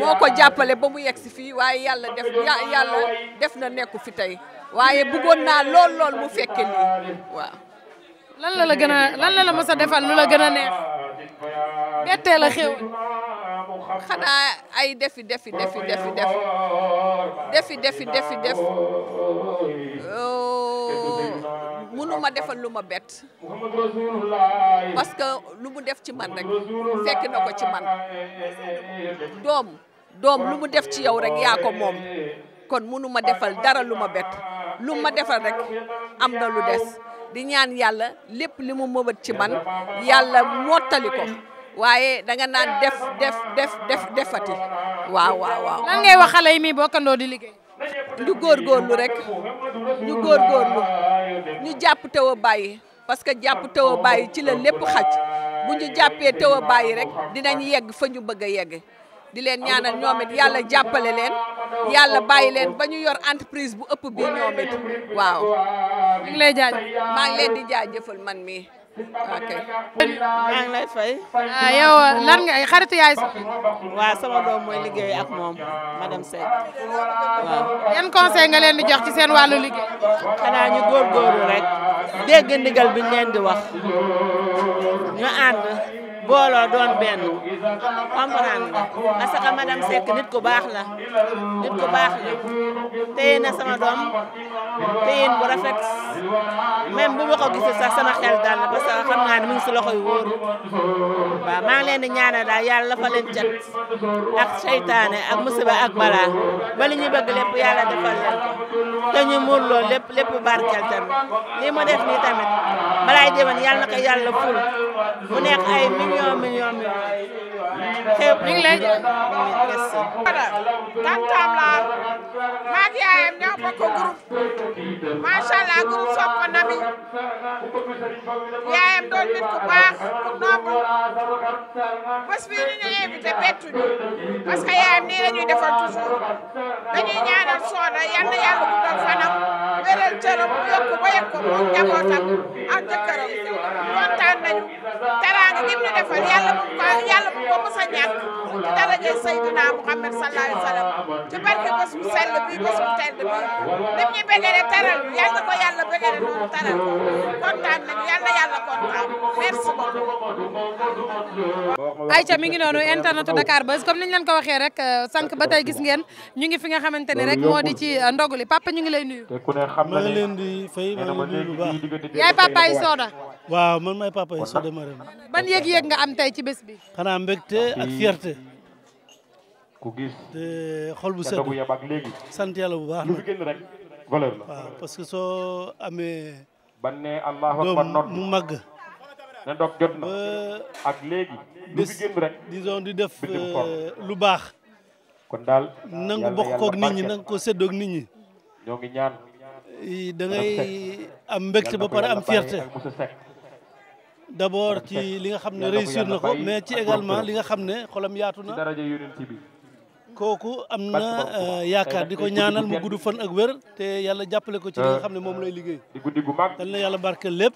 moo ko jàppale ba mu yegg si fii waaye yàlla def yàlla def na nekku fi tey waaye bëggoon naa lool lool mu fekke lii waaw. lan la la gën a lan la la mës a defal lu la gën a neex bettee la xew. xanaa ay defi defi defi defi def defi defi defi def oh. mënuma defal lu ma bett parce que lu mu def ci man rek fekk na ko ci man doom doom lu mu def ci yow rek yaa ko moom kon mënuma defal dara lu ma bett lu ma defal rek am na lu des di ñaan yàlla lépp li mu mëbët ci man yàlla mottali ko waaye da nga naan def def def def defati waaw waaw waaw. lan ngay wax xale yi muy di liggéey. ñu góorlu rek ñu góorgóorlu ñu jàpp taw a bàyyi parce que jàpp taw a bàyyi ci la lépp xaj bu ñu jàppee taw bàyyi rek dinañ yegg fa ñu bëgg a yegg. di leen ñaanal ñoom it yàlla jàppale leen yàlla bàyyi leen ba ñu yor entreprise bu ëpp bi ñoom it waaw. maa ngi leen di jëfal man mii. ok. maa ngi lay fay. ah yow uh, lan nga xaritu yaay sax. waaw sama doom mooy liggéey ak moom madame Seck waaw. yan conseil nga leen di jox ci seen wàllu liggéey. xanaa ñu góorgóorlu rek dégg ndigal bi ñu di wax ñu ànd. booloo doon benn comprendre nga parce ma madame Seck nit ku baax la nit ku baax la téye na sama doom téyin bu rafet même bu ma ko gisee sax sama xel daal na parce que xam naa ne si loxo yu wóor waaw maa ngi leen di ñaanal daal yàlla fa leen cat ak seytaane ak musiba ak balaa ba li ñu bëgg lépp defal leen te ñu muur loolu lépp lépp tamit lii mu def nii tamit balaay déwén yàlla na mu nekk ay millions millions millions millions xew mi ngi lay tantam la maag yaayam ñoo bokk groupe macha allah groupe sopp nabi yaayam doon nit ku baax ku noble bés bii ñu ñu invité bettuñu parce que yaayam nii la ñuy defal toujours dañuy ñaanal sooda yal na yàlla guddal fanam wéral cëram mu yokku ba yegg ko moom njabootam ak jëkkëram kontaan nañu teraanga gi mu ñu defal yàlla bu ko yàlla bu ko mës a ñàkk ci daraja Seydina Muhammad sallallahu alayhi wa sallam ci barke bés bu sell bi bés bu tedd bi lim ñu bëggee teral yal na ko yàlla bëggee noonu teral kontaan nañu yal na yàlla kontaan merci beaucoup. ayca mi ngi noonu internetu Dakar Buzz comme niñ leen ko waxee rek euh, sànq ba tey gis ngeen ñu ngi fi nga xamante ni rek moo di ci euh, ndoguli papa ñu ngi lay nuyu. maa ngi leen di fay maa ngi leen di nuyu bu baax. yaay papa yi Soda. waaw man may papa yi Sodé Marème ban yéeg-yéeg nga am tey ci bés bi xanaa mbégte ak fierté ku gis te xol bu sedd ak léegi sant bu baax lu parce que soo amee mu màgg ak léegi lu di def euh, lu baax kon daal nangu bokk koog ñi nangu ko séddoog nit ñi ñoo ngi ñaan da am mbégte ba pare am fierté d' abord ci li nga xam ne réussir na ko mais ci également li nga xam ne xolam yaatu na kooku am na euh, yaakaar di ko ñaanal mu gudd fan ak wér te yàlla jàppale ko ci li nga euh, xam ne moom lay liggéey dal na yàlla barkeel lépp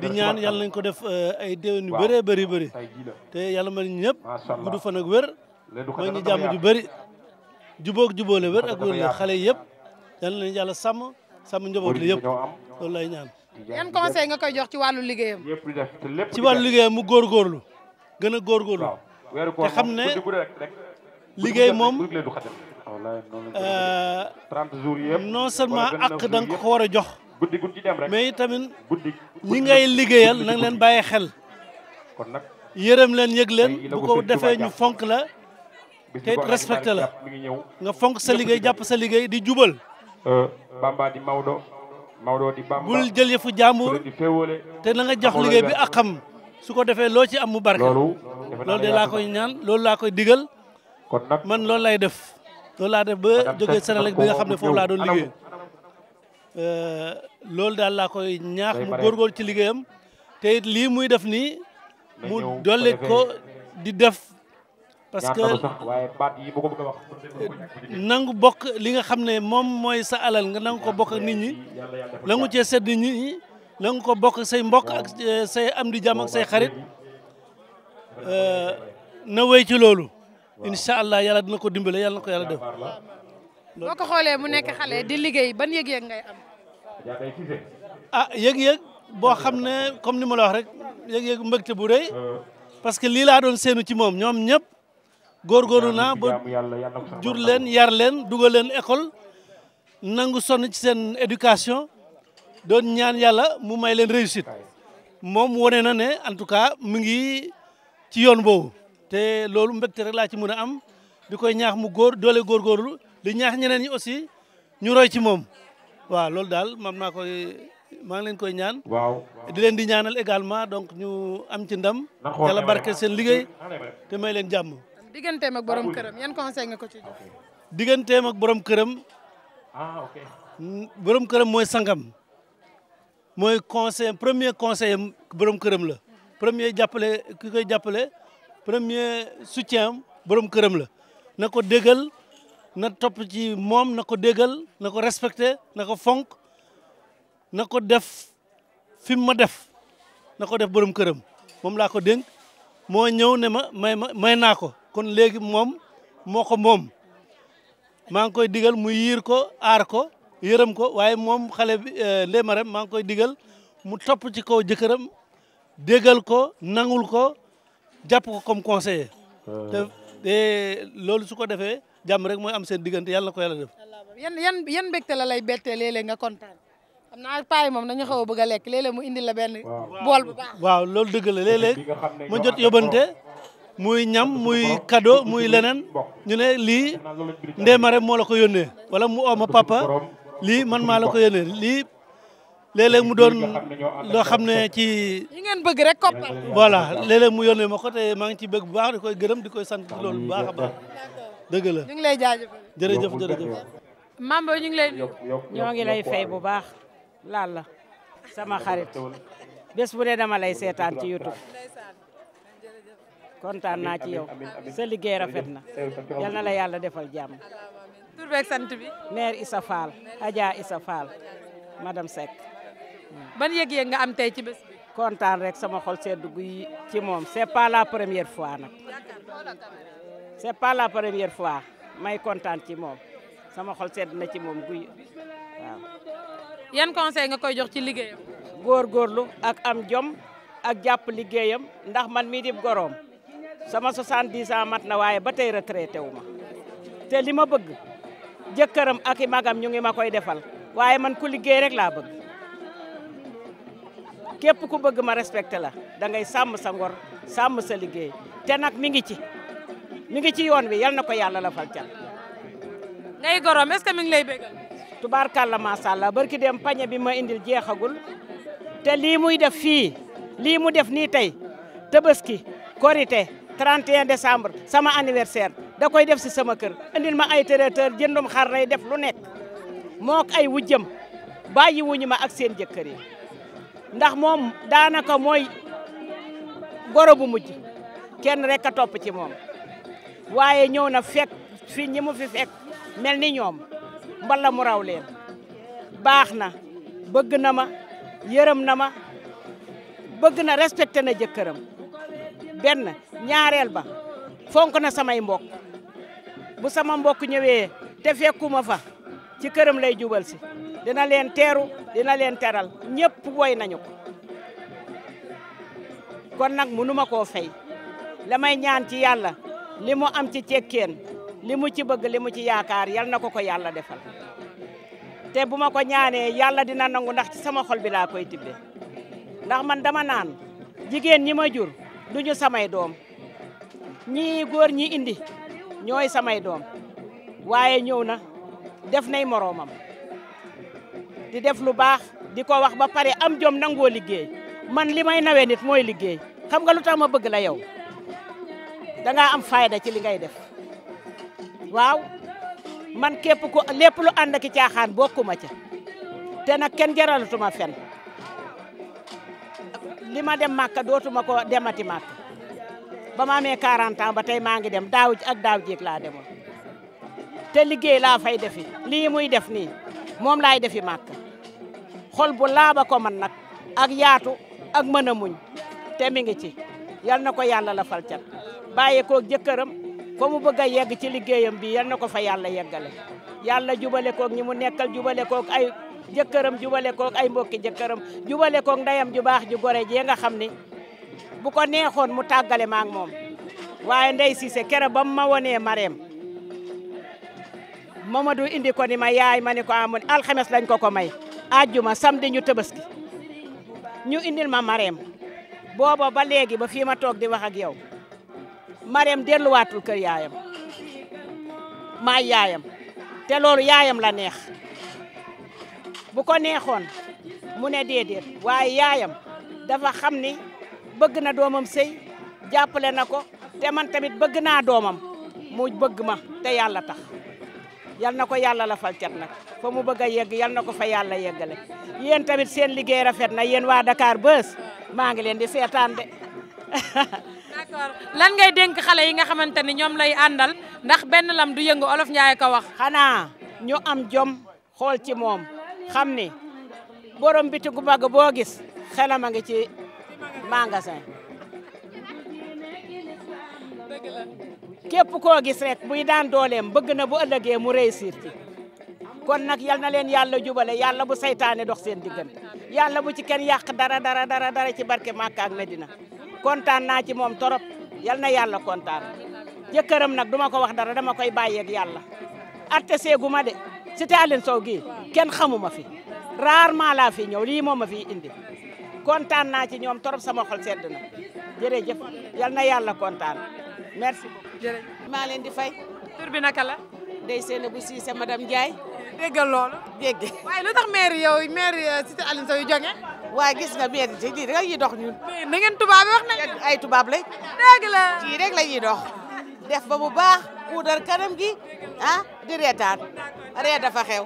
di ñaan yàlla nañ ko def euh, ay déwén yu bëree bëri bëri te yàlla man ñëpp gudd fan ak wér mooy ñu jàmm ju bëri jubóog jubóole wér ak wér la xale yëpp yàlla nañ yàlla sàmm sàmm njaboot li yëpp loolu lay ñaan yan conseil nga koy jox ci wàllu liggéeyam. ci wàllu liggéeyam mu góorgóorlu gën a góorgóorlu. te xam ne liggéey moom euh, non seulement ak da nga ko war a jox. mais itamit ñi ngay liggéeyal na leen bàyyi xel. yërëm leen yëg leen bu ko defee ñu fonk la te respecté la nga fonk sa liggéey jàpp sa liggéey di jubal. Euh, Bamba di Maodo. bul jël yëfu jàmbur te na nga jox liggéey bi ak xam su ko defee loo ci am mu barke loolu de laa koy ñaan loolu laa koy digal man loolu lay def loolu laa def ba jógee Senelec bi nga xam ne foofu laa doon liggéey euh, loolu daal laa koy ñaax mu góorgóorlu ci liggéeyam te lii muy def nii mu dolli ko di def parce que nangu bokk li nga xam ne moom mooy sa alal nga nangu ko bokk nit ñi nangu cee sedd nit ñi nangu ko bokk say mbokk ak eh, say am di jàmm ak say xarit eh, na wéy ci loolu incha allah yàlla dina ko dimbale yàlla na ko yàlla def boo ko xoolee mu nekk xale di liggéey ban yég yëg ngay am ah yëg-yëg boo xam ne comme ni ma la wax rek yëg-yëg mbégte bu rëy euh. parce que lii laa doon seenu ci moom ñoom ñëpp góor góorlu naa ba jur leen yar leen dugal leen école nangu sonn ci seen éducation doon ñaan yàlla mu may leen réussite moom wane na ne en tout cas mu ngi ci yoon boobu te loolu mbégte rek laa ci mën a am di koy ñaax mu góor doole góor góorlu di ñaax ñeneen yi aussi ñu roy ci moom waaw loolu daal man maa koy maa ngi leen koy ñaan. waaw di leen di ñaanal également donc ñu am ci ndam. yàlla barke seen liggéey te may leen jàmm. digganteem ak borom këram yan conseil nga ko ci jox. digganteem ak borom këram. Ah, borom këram mooy sangam mooy conseil premier conseil am borom këram la. premier jàppale ki koy jàppale premier soutien am borom këram la na ko déggal na topp ci moom na ko déggal na ko respecté na ko fonk na ko def fi mu ma def na ko def borom këram moom laa ko dénk moo ñëw ne ma may ma may naa ko. kon léegi moom moo moom maa ngi koy digal mu yiir ko aar ko yërëm ko waaye moom xale bi euh, Ndeye Marème maa ngi koy digal mu topp ci kaw jëkkëram déggal ko nangul ko jàpp ko comme conseiller ah. te loolu su ko defee jàmm rek mooy am seen diggante yàlla na ko yàlla def yan yan yan mbégte la lay bettee léeg-léeg nga kontaan xam naa paay moom dañu xaw a bëgg lekk léeg mu indi la benn bool bu baax waaw loolu dëgg la léeg-léeg jot yóbbante muy ñam muy cadeau muy leneen ñu ne lii Ndémarème moo la ko yónnee wala mu oo ma papa lii man maa la ko yónnee lii léeg-léeg mu doon loo xam ne ci. yi ngeen bëgg rek koppal. voilà léeg mu yónnee ma ko te maa ngi ciy bëgg bu baax di koy gërëm di koy sant loolu bu baax a baax. dëgg la ñu ngi lay jaajëfal. jërëjëf jërëjëf. Mame Boye ñu ngi lay. ñoo ngi lay fay bu baax laal la sama xarit bés bu ne dama lay seetaan ci YouTube. kontaan naa ci yow sa liggéey rafet na yal na la yàlla defal jàmm. tur beeg sant bi. maire Issa Fall Adja Issa Fall madame Seck. ban yëg-yëg nga am tey ci bés kontaan rek sama xol seddu guy ci moom c'est pas la première fois nag. c'est pas la première fois may kontaan ci moom sama xol sedd na ci moom guy yan conseil nga koy jox ci liggéeyam. góorgóorlu ak am jom ak jàpp liggéeyam ndax man mi di goroom. sama 70 ans mat na waaye ba tey retraité wu ma te li ma bëgg jëkkëram ak i magam ñu ngi ma koy defal waaye man ku liggéey rek laa bëgg képp ku bëgg ma respecté la da ngay sàmm sangor ngor sa liggéey te nag mi ngi ci mi ngi ci yoon bi yal na ko yàlla la fal cat ngay gorom est-ce que mi ngi lay bégal tubaarkàlla macha allah barki dem pañe bi ma indil jeexagul te lii muy def fii lii mu def nii tey tabaski korite 31 décembre sama anniversaire da koy def si sama kër indil ma ay traiteur jëndum xar lay def lu nekk mook ay wujjëm bàyyi wuñu ma ak seen jëkkër yi ndax moom daanaka mooy goro bu mujj kenn rek a topp ci moom waaye ñëw na fekk fi ñi mu fi fekk mel ni ñoom mbala mu raw leen baax na bëgg na ma yërëm na ma bëgg na respecté na jëkkëram benn ñaareel ba fonk na samay mbok bu sama mbokk ñëwee te fekkuma fa ci këram lay jubal si dina leen teeru dina leen teral ñëpp woy nañu ko kon nag mënuma koo fay la may ñaan ci yàlla li mu am ci cekkeen li mu ci bëgg li mu ci yaakaar yal na ko ko yàlla defal te bu ma ko ñaanee yàlla dina nangu ndax ci sama xol bi laa koy tibbe ndax man dama naan jigéen ñi ma jur duñu samay doom ñii góor ñi indi ñooy samay doom waaye ñëw na def nay moroomam di def lu baax di ko wax ba pare am jom nangoo liggéey man li may nawee nit mooy liggéey xam nga lu tax ma bëgg la yow dangaa am fayda ci li ngay def waaw man képp ku lépp lu ànd ak caaxaan bokkuma ca te nag kenn jaralatuma fen li ma dem màkka dootuma ko dem demati màkka ba ma amee 40 ba tey maa ngi dem daaw ak daaw jéeg laa demoon te liggéey laa fay defi lii muy def nii moom laay defi màkka xol bu laaba ko man nag ak yaatu ak mën te mi ngi ci yal na ko yàlla la fal cat bàyyi ko jëkkëram fa mu bëgg yegg ci liggéeyam bi yal na ko fa yàlla yeggale yàlla jubale koog ñi mu nekkal jubale koog ay jëkkëram jubale koog ay mbokki jëkkëram jubale koog ndeyam ju baax ju gore jee nga xam ni bu ko neexoon mu tàggale maak moom waaye ndey siise kere ba ma wonee mareem Mamadou indi ko ni ma yaay ma ni ko amoon alxames lañ ko ko may ajjuma samedi ñu tabaski ñu indil ma mareem booba ba léegi ba fii ma toog di wax ak yow mareem delluwaatul kër yaayam maa yaayam te loolu yaayam la neex bu ko neexoon mu ne déedéet waaye yaayam dafa xam ni bëgg na doomam sëy jàppale na ko te man tamit bëgg naa doomam mu bëgg ma te yàlla tax yal na ko yàlla la fal cat nag fa mu bëgg a yegg yàll na ko fa yàlla yeggale yéen tamit seen liggéey rafet na yéen waa dakaar Buzz maa ngi leen di seetaan de. lan ngay dénk xale yi nga xamante ni ñoom lay àndal ndax benn lam du yëngu olof Njaay ko wax. xanaa ñu am jom xool ci moom. xam ni borom biti gu mag boo gis xelam a ngi ci magasin képp koo gis rek buy daan dooleem bëgg na bu ëllëgee mu réussir ci kon nag yal na leen yàlla jubale yàlla bu seytaane dox seen diggan yàlla bu ci kenn yàq dara dara dara dara ci barke Màkka ak Medina kontaan naa ci moom torop yal na yàlla kontaan jëkkëram nag duma ko wax dara dama koy bàyyeeg yàlla artesee gu ma de cité Aline Sow gii kenn xamuma fi rarement laa fi ñëw lii moom ma fi indi kontaan naa ci ñoom torop sama xol sedd na jërëjëf yal na yàlla kontaan merci beaucoup. jërëjëf maa leen di fay. tur bi naka la. Ndeye Seynabou Cissé madame Ndiaye. déggal loolu. dégg waaye lu tax maire yow maire euh, cité Aline gis nga maire ji lii rek la ñun. na ngeen tubaab wax nañu. ay tubaab lañ. dégg la ci la ñuy def ba bu baax. puudar kanam gi ah di reetaan ree dafa xew.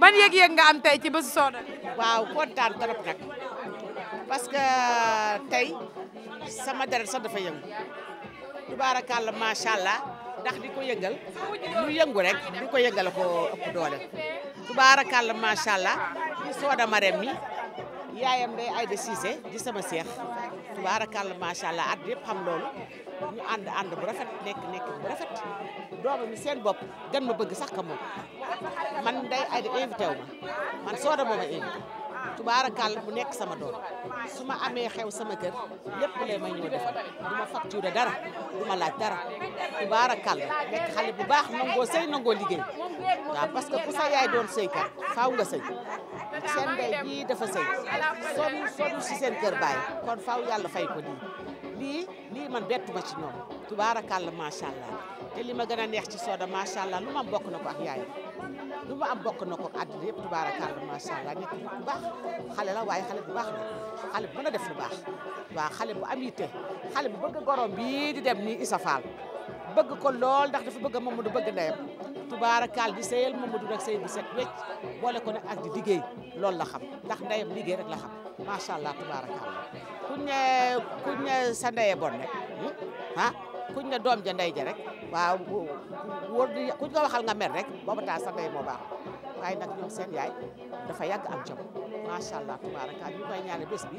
ban yëg-yëg nga am tey ci bésu Soda. waaw kontaan trop nag parce que tey sama deret sax dafa yëngu tubaarakàlla macha allah ndax di ko yëngal lu yëngu rek du ko yëngal ko ëpp doole tubaarakàlla macha allah di Soda Marème mi yaayam day Aïda Cissé di sama seex tubaarakàlla macha allah at yëpp xam loolu. ñu ànd ànd bu rafet nekk nekk bu rafet dooma mi seen bopp gën ma bëgg sax ka moom man day ay invité wu ma man sooda mooma invité tubaarakàll bu nekk sama doom su ma amee xew sama kër lépp lay may ñëw defal du ma facture dara du ma laaj dara tubaarakàll nekk xale bu baax nangoo sëy nangoo liggéey waaw parce que ku sa yaay doon sëy kat faaw nga sëy seen ndey bii dafa sëy sonn sonn si seen kër bàyyi kon faaw yàlla fay ko nii lii lii man bettu ma ci ñoom tubaarakàlla macha allah te li ma gën a neex ci Soda macha allah lu am bokk na ko ak yaayam lu ma am bokk na ko ak àddina yëpp tubaarakàlla macha allah nit bu baax xale la waaye xale bu baax la xale bu mën def lu baax waaw xale bu am yitte bu bëgg gorom bii di dem nii Issa Fall bëgg ko lool ndax dafa bëgg Mamadou bëgg ndeyam tubaarakàlla di sëyal Mamadou rek sëy bu set wecc boole ko nag ak di liggéey loolu la xam ndax ndeyam liggéey rek la xam macha allah tubaarakàlla kuñ ne kuñ ne sa ndeye bon hmm? kuñ ne doom jandey ja rek waaw wóor di kuñ ko waxal nga mer rek booba taa sa ndey moo baax waaye nag ñoom seen yaay dafa yàgg am jom macha allah tabaraka ñu koy ñaane bés bi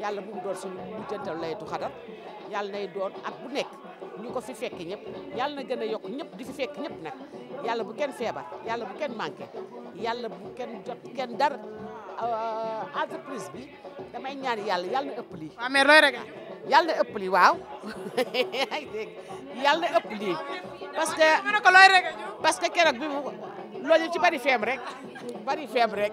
yàlla bu mu doon suñu mujjantal laytu xadar yàlla nay doon at bu nekk ñu ko fi fekk ñëpp yàlla na gën a yokk ñëpp di fi fekk ñëpp nag yàlla bu kenn feebar yàlla bu kenn manqué yàlla bu kenn jot dara euh, entreprise bi damay ñaan yàlla yal na ëpp lii. waaw mais yàlla ëpp lii waaw yàlla na ëpp lii parce que. ma ne parce que keroog bi mu loolu ci bari feem rek bari feem rek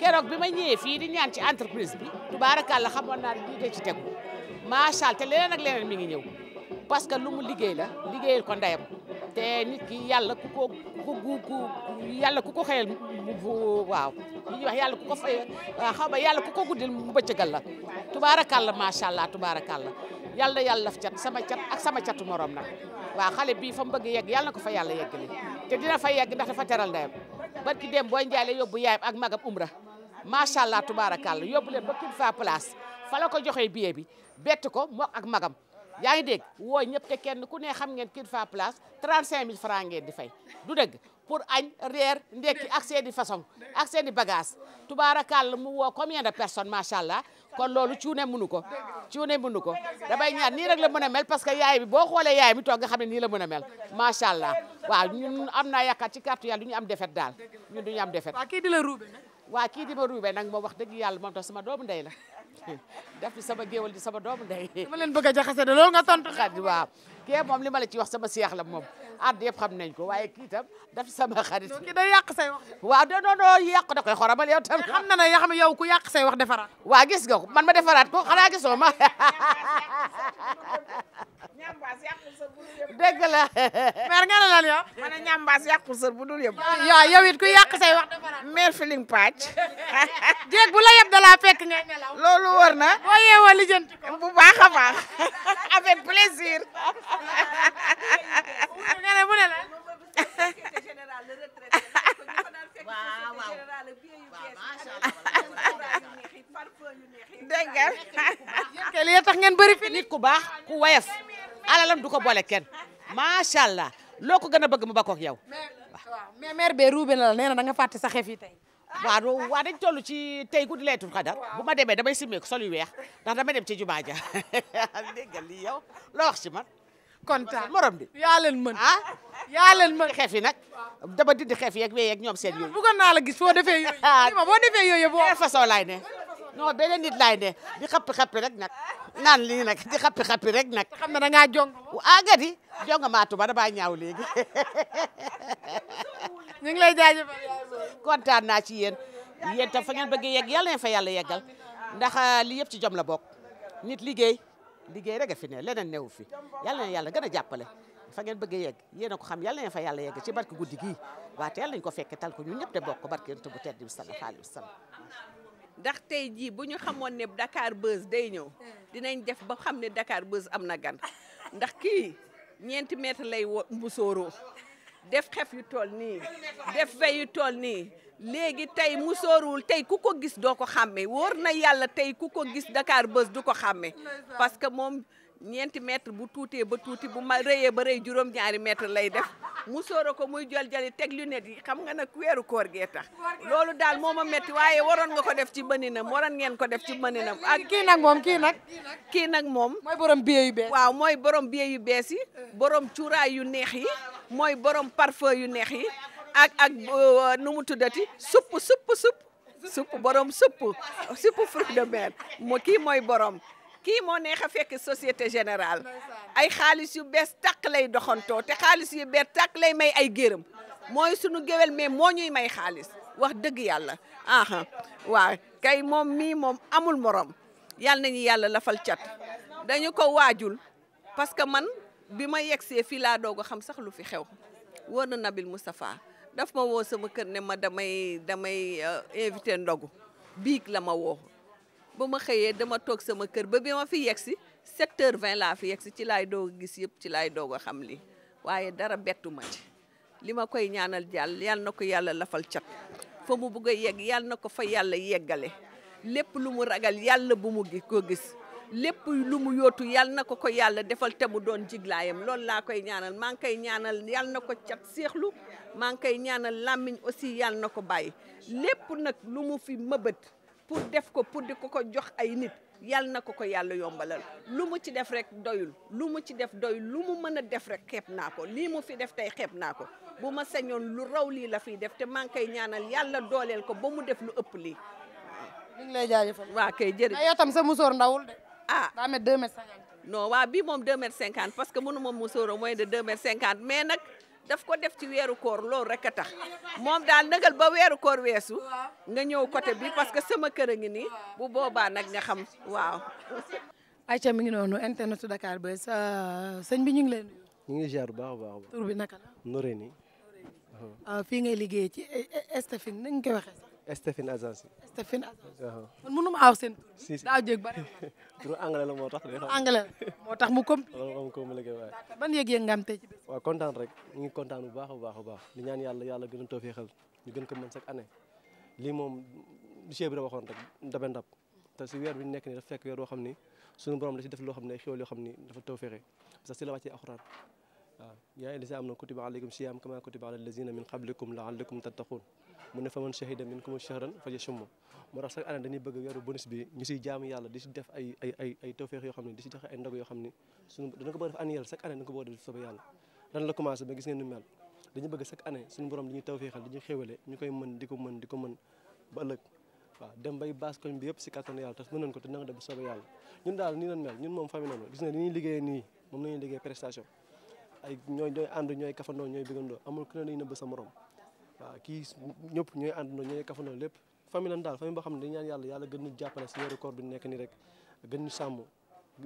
keroog bi ma ñëwee fii di ñaan ci entreprise bi. tubaarakàlla xamoon naa lii de ci tegu macha allah te leneen ak leneen mi ngi ñëw parce que lu mu liggéey la liggéeyal ko te nit ki yàlla ku ko ku ku yàlla ku ko xëyal mu waaw li ñuy wax yàlla ku ko xaw ma yàlla ku ko guddil mu bëccëgal la tubaarakàlla macha allah tubaarakàlla yàlla yàlla daf cat sama cat ak sama catu morom nag waaw xale bii fa mu bëgg yegg yàlla ko fa yàlla yeggali te dina fa yegg ndax dafa teral ndeyam barki dem booy njaale yóbbu yaayam ak magam umra macha allah tubaarakàlla yóbbu leen ba kii fa place fa la ko joxee billet bi bett ko mook ak magam yaa ngi dégg woo ñëpp te kenn ku ne xam ngeen kii fa place 35000 francs ngeen di fay du dëgg pour añ reer ndekki ak seen i façon ak seen i bagage tubaarakàll mu woo combien de personnes macha allah kon loolu cuune mënu ko cuune mënu ko damay ñaan nii rek la mën a mel parce que yaay bi boo xoolee yaay bi toog nga xam ne nii la mën a mel macha allah waaw ñun am naa yaakaar ci kàttu yàlla du ñu am defet daal ñun du ñu am defet waa kii di la ruube nag waa kii di ma ruube nag moom wax dëgg yàlla moom sama doomu ndey la daf di sama géwal di sama doomu ndey. dama leen bëgg a jaxase de loolu nga tontu. xadi waaw kee moom li ma la ci wax ma seex la moom. a yëpp xam nañ ko waaye kii tam daf sama xarit. donc day yàq say wax. waaw non non non yàq da koy xoramal tam. xam na ne yoo ne yow ku yàq say wax defaraat. waa gis nga ko man ma defaraat ko xanaa gisoo ma. ñambaas yàqul la. mère nga ne lan yow. ku yàq say wax defaraat. mère filing pàcc. jéeg bu la loolu wër na. boo yeewoo bu baax a avec plaisir. nga ne mu ne la. dégg tax ngeen bëri fi nit ku baax ku wayaf alalam du ko boole kenn macha allah loo ko gën a bëgg mu bakkoog yow. waaw mais mère bee ruube na la nee na da nga fàtte sa tey. waaw waaw dañ tolu ci tey guddi laytul xadar bu ma demee damay simmeeku sol yu weex da ma dem ci jumaa ja dégg nga lii yow loo wax ci man. kontaan morom di yaa leen mën ah yaa leen mën xeef yi nag dama dindi xeef yeeg wee yeeg ñoom seen yooyu bëggoon naa la gis foo defee yooyu ah. ma boo defee yooyu boo façon laay ne non beneen nit laay ne di xappi xappi rek nag naan lii nag di xappi xappi rek nag xam na da ngaa jong ah gadi jong maatu ba damaa ñaaw léegi ñu ngi lay jaajëfal kontaan naa ci yéen yéen tam fa ngeen bëgg yegg yàlla na fa yàlla yeggal ndax ah, li yëpp ci jom la bokk nit liggéey liggéey rek a fi ne leneen new fi yàlla na yàlla gën a jàppale fa ngeen bëgg a yegg yéen a ko xam yàlla na fa yàlla yegg ci barke guddi gii waa te yàlla ko fekke tal ko ñu ñëpp te bokk ko barke yonent bu tedd bi sallallahu alayhi wa sallam ndax tey jii bu ñu xamoon ne dakaar Buzz day ñëw dinañ def ba xam ne dakaar Buzz am na gan ndax kii ñeenti mètre lay wo mbusóoroo def xef yu tool nii def vey yu tool nii léegi tey mu tey ku ko gis doo ko xàmme wóor na yàlla tey ku ko gis Dakar Buzz du ko xàmme parce que moom ñeenti mètre bu tuutee ba tuuti bu ma rëyee ba rëy juróom-ñaari mètre lay def mu sóoro ko muy jol jali teg lunette yi xam nga nag weeru koor gee tax loolu daal moo ma métti waaye waroon nga ko def ci bëninam waroon ngeen ko def ci bëninam ak kii nag moom kii nag kii nag moom mooy borom biye yu bees mooy borom biye yu bees yi borom cuuraay yu neex yi mooy borom parfum yu neex yi ak ak euh, nu mu tuddati supp supp supp supp borom supp supp fruit de mer moo kii mooy borom kii moo neex a fekk societé générale ay xaalis yu bees tàq lay doxantoo te xaalis yu bees tàq lay may ay gërëm mooy sunu géwél mais moo ñuy may xaalis wax dëgg yàlla aha waaw kay moom mii moom amul morom yàlla nañu yàlla lafal cat dañu ko waajul parce que man bi ma yegsee fii laa doog a xam sax lu fi xew wër na Nabil Moustapha daf ma woo sama kër ne ma damay damay euh, invité ndogu biig la ma woo ba ma xëyee dama toog sama kër ba bi ma fi yegsi 7 heures 20 laa fi yegsi ci laay doog gis yëpp ci laay doog a xam lii waaye dara bettu ma ci li ma koy ñaanal jàll yal na ko yàlla lafal cat fa mu bugg a yegg yal na ko fa yàlla yeggale lépp lu mu ragal yàlla bu mu gi ko gis lépp lu mu yootu yàl na ko ko yàlla defal te mu doon jiglaayam loolu laa koy ñaanal maa ngi koy ñaanal yal na ko ca seexlu maa koy ñaanal làmmiñ aussi yàlla na ko bàyyi lépp nag lu mu fi mëbët pour def ko pour di ko ko jox ay nit yàlla na ko ko yàlla yombalal lu mu ci def rek doyul lu mu ci def doyul lu mu mën a def rek xeeb naa ko lii mu fi def tey xeeb naa ko bu ma sañoon lu raw lii la fi def te maa koy ñaanal yàlla dooleel ko ba mu def lu ëpp lii. ñu ngi lay jaajëfal waa kay jërëjëf yow tam sa musóor ndawul de. ah daa met deux mètres cinquante. non waa bii moom deux mètres cinquante parce que mënu ma musóoro mooy de deux cinquante mais nag. daf ko def ci weeru koor loolu rek a tax moom daal nëgal ba weeru koor weesu nga ñëw côté bi parce que sama kër a ngi nii bu boobaa nag nga xam waaw. ayca mi ngi noonu internet Dakar ba sa euh, sëñ bi ñu ngi lay nuyu. ñu ngi ziar bu baax a baax. tur bi naka la. Noreny. Euh, fii ngay liggéey ci estafing nañ koy waxee. Stephen Azansi. Stephen Azansi man mënu ma aw seen tur. si si daaw anglais la moo tax. anglais moo tax mu kom. moo tax mu ban yëg-yëg nga am te ci bés. kontaan rek ñu ngi kontaan bu baax a baax a baax di ñaan yàlla yàlla gën a toofeexal ñu gën ko mën chaque année lii moom monsieur bi la waxoon rek ndabe ndab te si weer bi nekk nii dafa fekk weer boo xam ni suñu borom si def loo xam ne xéwal yoo xam ni dafa toofeexe parce que si la wàccee alxuraan waaw yaa ayyuhal lazina aamanu kutiba alaykum siyaam kama kutiba alal lazina min qablikum mu ne fa man shahida minkum shahran falyasumhu moo tax chaque année dañuy bëgg weeru bonus bi ñu siy jaamu yàlla di si def ay ay yoo xam ne di si joxe ay ndog yoo xam ne suñu dana ko ba gis ngeen ni mel dañu bëgg chaque année suñu borom li ñuy tawféexal di ñu xéwale ñu koy mën di ko mën di ba ëllëg waaw dem bay baas bi yëpp si kàttanu yàlla tas mën nañ ko te nanga def bu yàlla ñun daal nii lañ mel ñun moom famille nañu gis nga ni ñuy nii moom la liggéey prestation ay ñooy ñooy ñooy kafandoo ñooy bigandoo amul ku ne dañu nëbb sa waaw kii ñëpp ñooy àndandoo ñooy kafandoo lépp famille lan daal famille boo xam ne dañu ñaan yàlla yàlla gën ñu jàppale si weeru koor nii rek gën ñu sàmm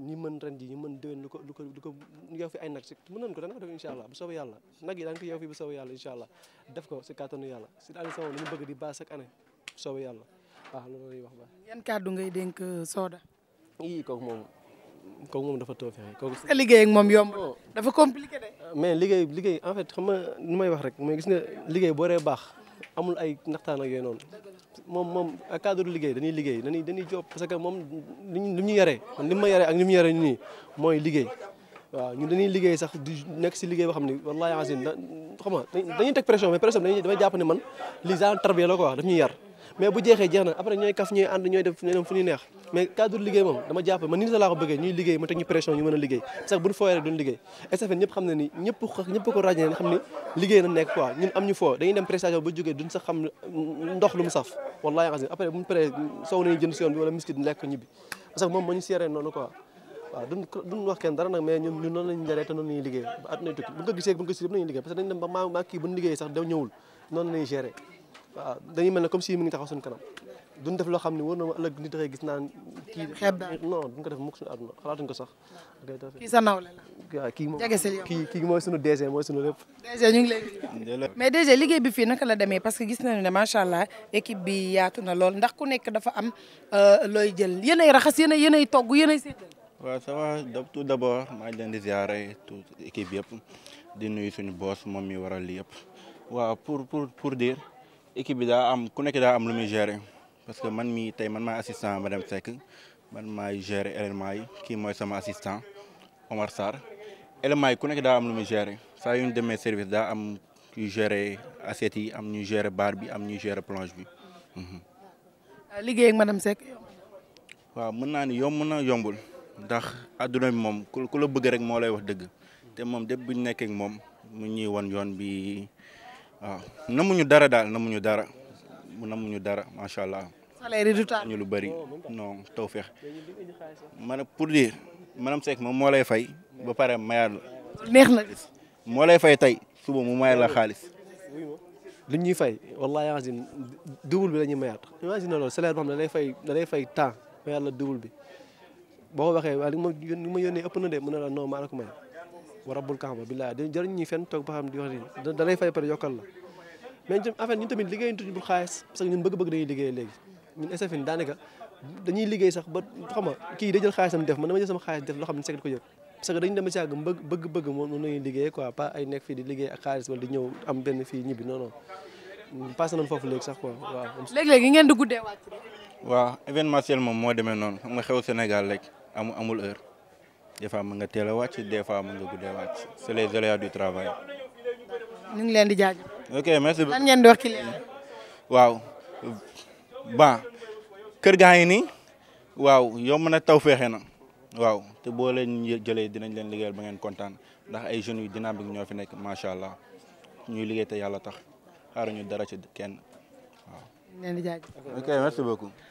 ñi mën ren ji ñi mën lu ko lu ko lu ko yow fi ay nag si mën ko daan ko def incha allah bu soobee yàlla nag yi daan ko yow fi bu soobee yàlla incha allah def ko si kàttanu yàlla si daal sama lu ñu bëgg di baax chaque année bu soobee yàlla waaw loolu lay wax ba yan kàddu ngay dénk euh, Soda. ii kooku kooku moom dafa tawfeex kooku. est-ce que liggéey ak euh, mais liggéey liggéey en fait xam nga nu rek mais gis nga liggéey boo dee baax amul ay naxtaan ak yooyu noonu moom moom ak cadre liggéey dañuy liggéey dañuy dañuy job parce que moom li ñu ñu yaree man li ma yaree ak ni mu yaree nii mooy liggéey. waaw ñun dañuy liggéey sax di nekk si liggéey boo xam ne wallaahi azim xam nga dañuy teg pression mais pression dañuy damay jàpp ne man lii genre tarbiya la ko wax daf ñuy yar. mais bu jeexee jeex na après ñooy kaf ñooy ànd ñooy def ñooy fu ñuy neex mais cadre liggéey moom dama jàpp man nii sa laa ko liggéey ma teg ñu pression ñu mën a liggéey na nekk quoi ñun am ñu foo dañuy dem prestation ba saf wallahi azim après buñ paree soow nañu jënd si yoon bi wala miskit lekk ñibbi parce ñu seeree noonu ñu ko waaw dañuy mel ne comme si mi ngi taxaw suñu kanam duñ def loo xam ne war na ma ëllëg nit dafay gis naan kii xeeb daal non duñ ko def mukk ko sax kii sa nawle la waaw kii moom kii kii mooy suñu DG mooy suñu lépp DG ñu ngi lay mais DG liggéey bi fii naka la deme parce que gis nañu ne macha allah équipe bi yaatu na lool ndax ku nekk dafa am euh, looy jël yéen ay raxas yéen ay yéen ay togg yéen ay seetal waaw ça va tout d'abord maa ngi leen di ziare tout équipe yëpp di nuyu suñu boss moom mi waral li yëpp waaw pour pour pour dire équipe bi daa am ku nekk daa am lu muy gérer parce que man mii tey man maay assistant madame sekk man maay gérer élément yi kii mooy sama assistant Omar Sarr élément yi ku nekk daa am lu muy gérer saa yu ñu demee service daa am ñuy gérer assiettes yi am ñuy gérer bar bi am ñuy gérer plonge bi. Mhm. liggéey ak madame waaw mën naa ni yomb na yombul ndax adduna bi moom ku la bëgg rek moo lay wax dëgg te moom dépp bu ñu nekkee moom mu ñi wan yoon bi waaw namuñu dara daal namuñu dara namuñu dara macha allah. salaire lu bëri non taw feex man pour dire maanaam seek moom moo lay fay ba pare mayaat la. moo lay fay tey suba mu mayaat la xaalis. li ñuy fay wallaahi azim double bi la ñuy mayaat imagine loolu salaire boo xam ne da lay fay da lay fay temps mayaat la double bi boo ko waxee waaye li ma yónnee ëpp na de mu ne la non maa la may. wa rabbul kaaba billaay dañu jëriñ ñuy fenn toog ba xam di wax ni da lay fay pare yokkal la mais en fait ñun tamit liggéeyantuñu bul xaalis parce que ñun bëgg-bëgg dañuy liggéey léegi ñun SFN daanaka dañuy liggéey sax ba xam nga kii day jël xaalisam def man dama jël sama xaalis def loo xam ne dem ci yàgg mbëgg bëgg-bëgg moom lañuy liggéey quoi ay nekk fii di liggéey ak xaalis wala di ñëw am benn fii ñibbi non non passé foofu léegi sax ko waaw léeg-léegi ngeen di guddee wàcc waaw événementiel moom moo demee noonu xam nga xew Sénégal rek amul amul heure des fois mën nga teel a wàcc des fois mën nga guddee wàcc c'est les aléas du travail. ñu ngi leen di jaajëfal. ok merci. lan ngeen di wax client. waaw bon kër gaa ngi nii waaw yomb na taw feexe na waaw te boo leen jëlee dinañ leen liggéeyal ba ngeen kontaan ndax ay jeunes yu dynamique ñoo fi nekk macha allah ñuy liggéey te yàlla tax ñu dara ci kenn ok merci beaucoup.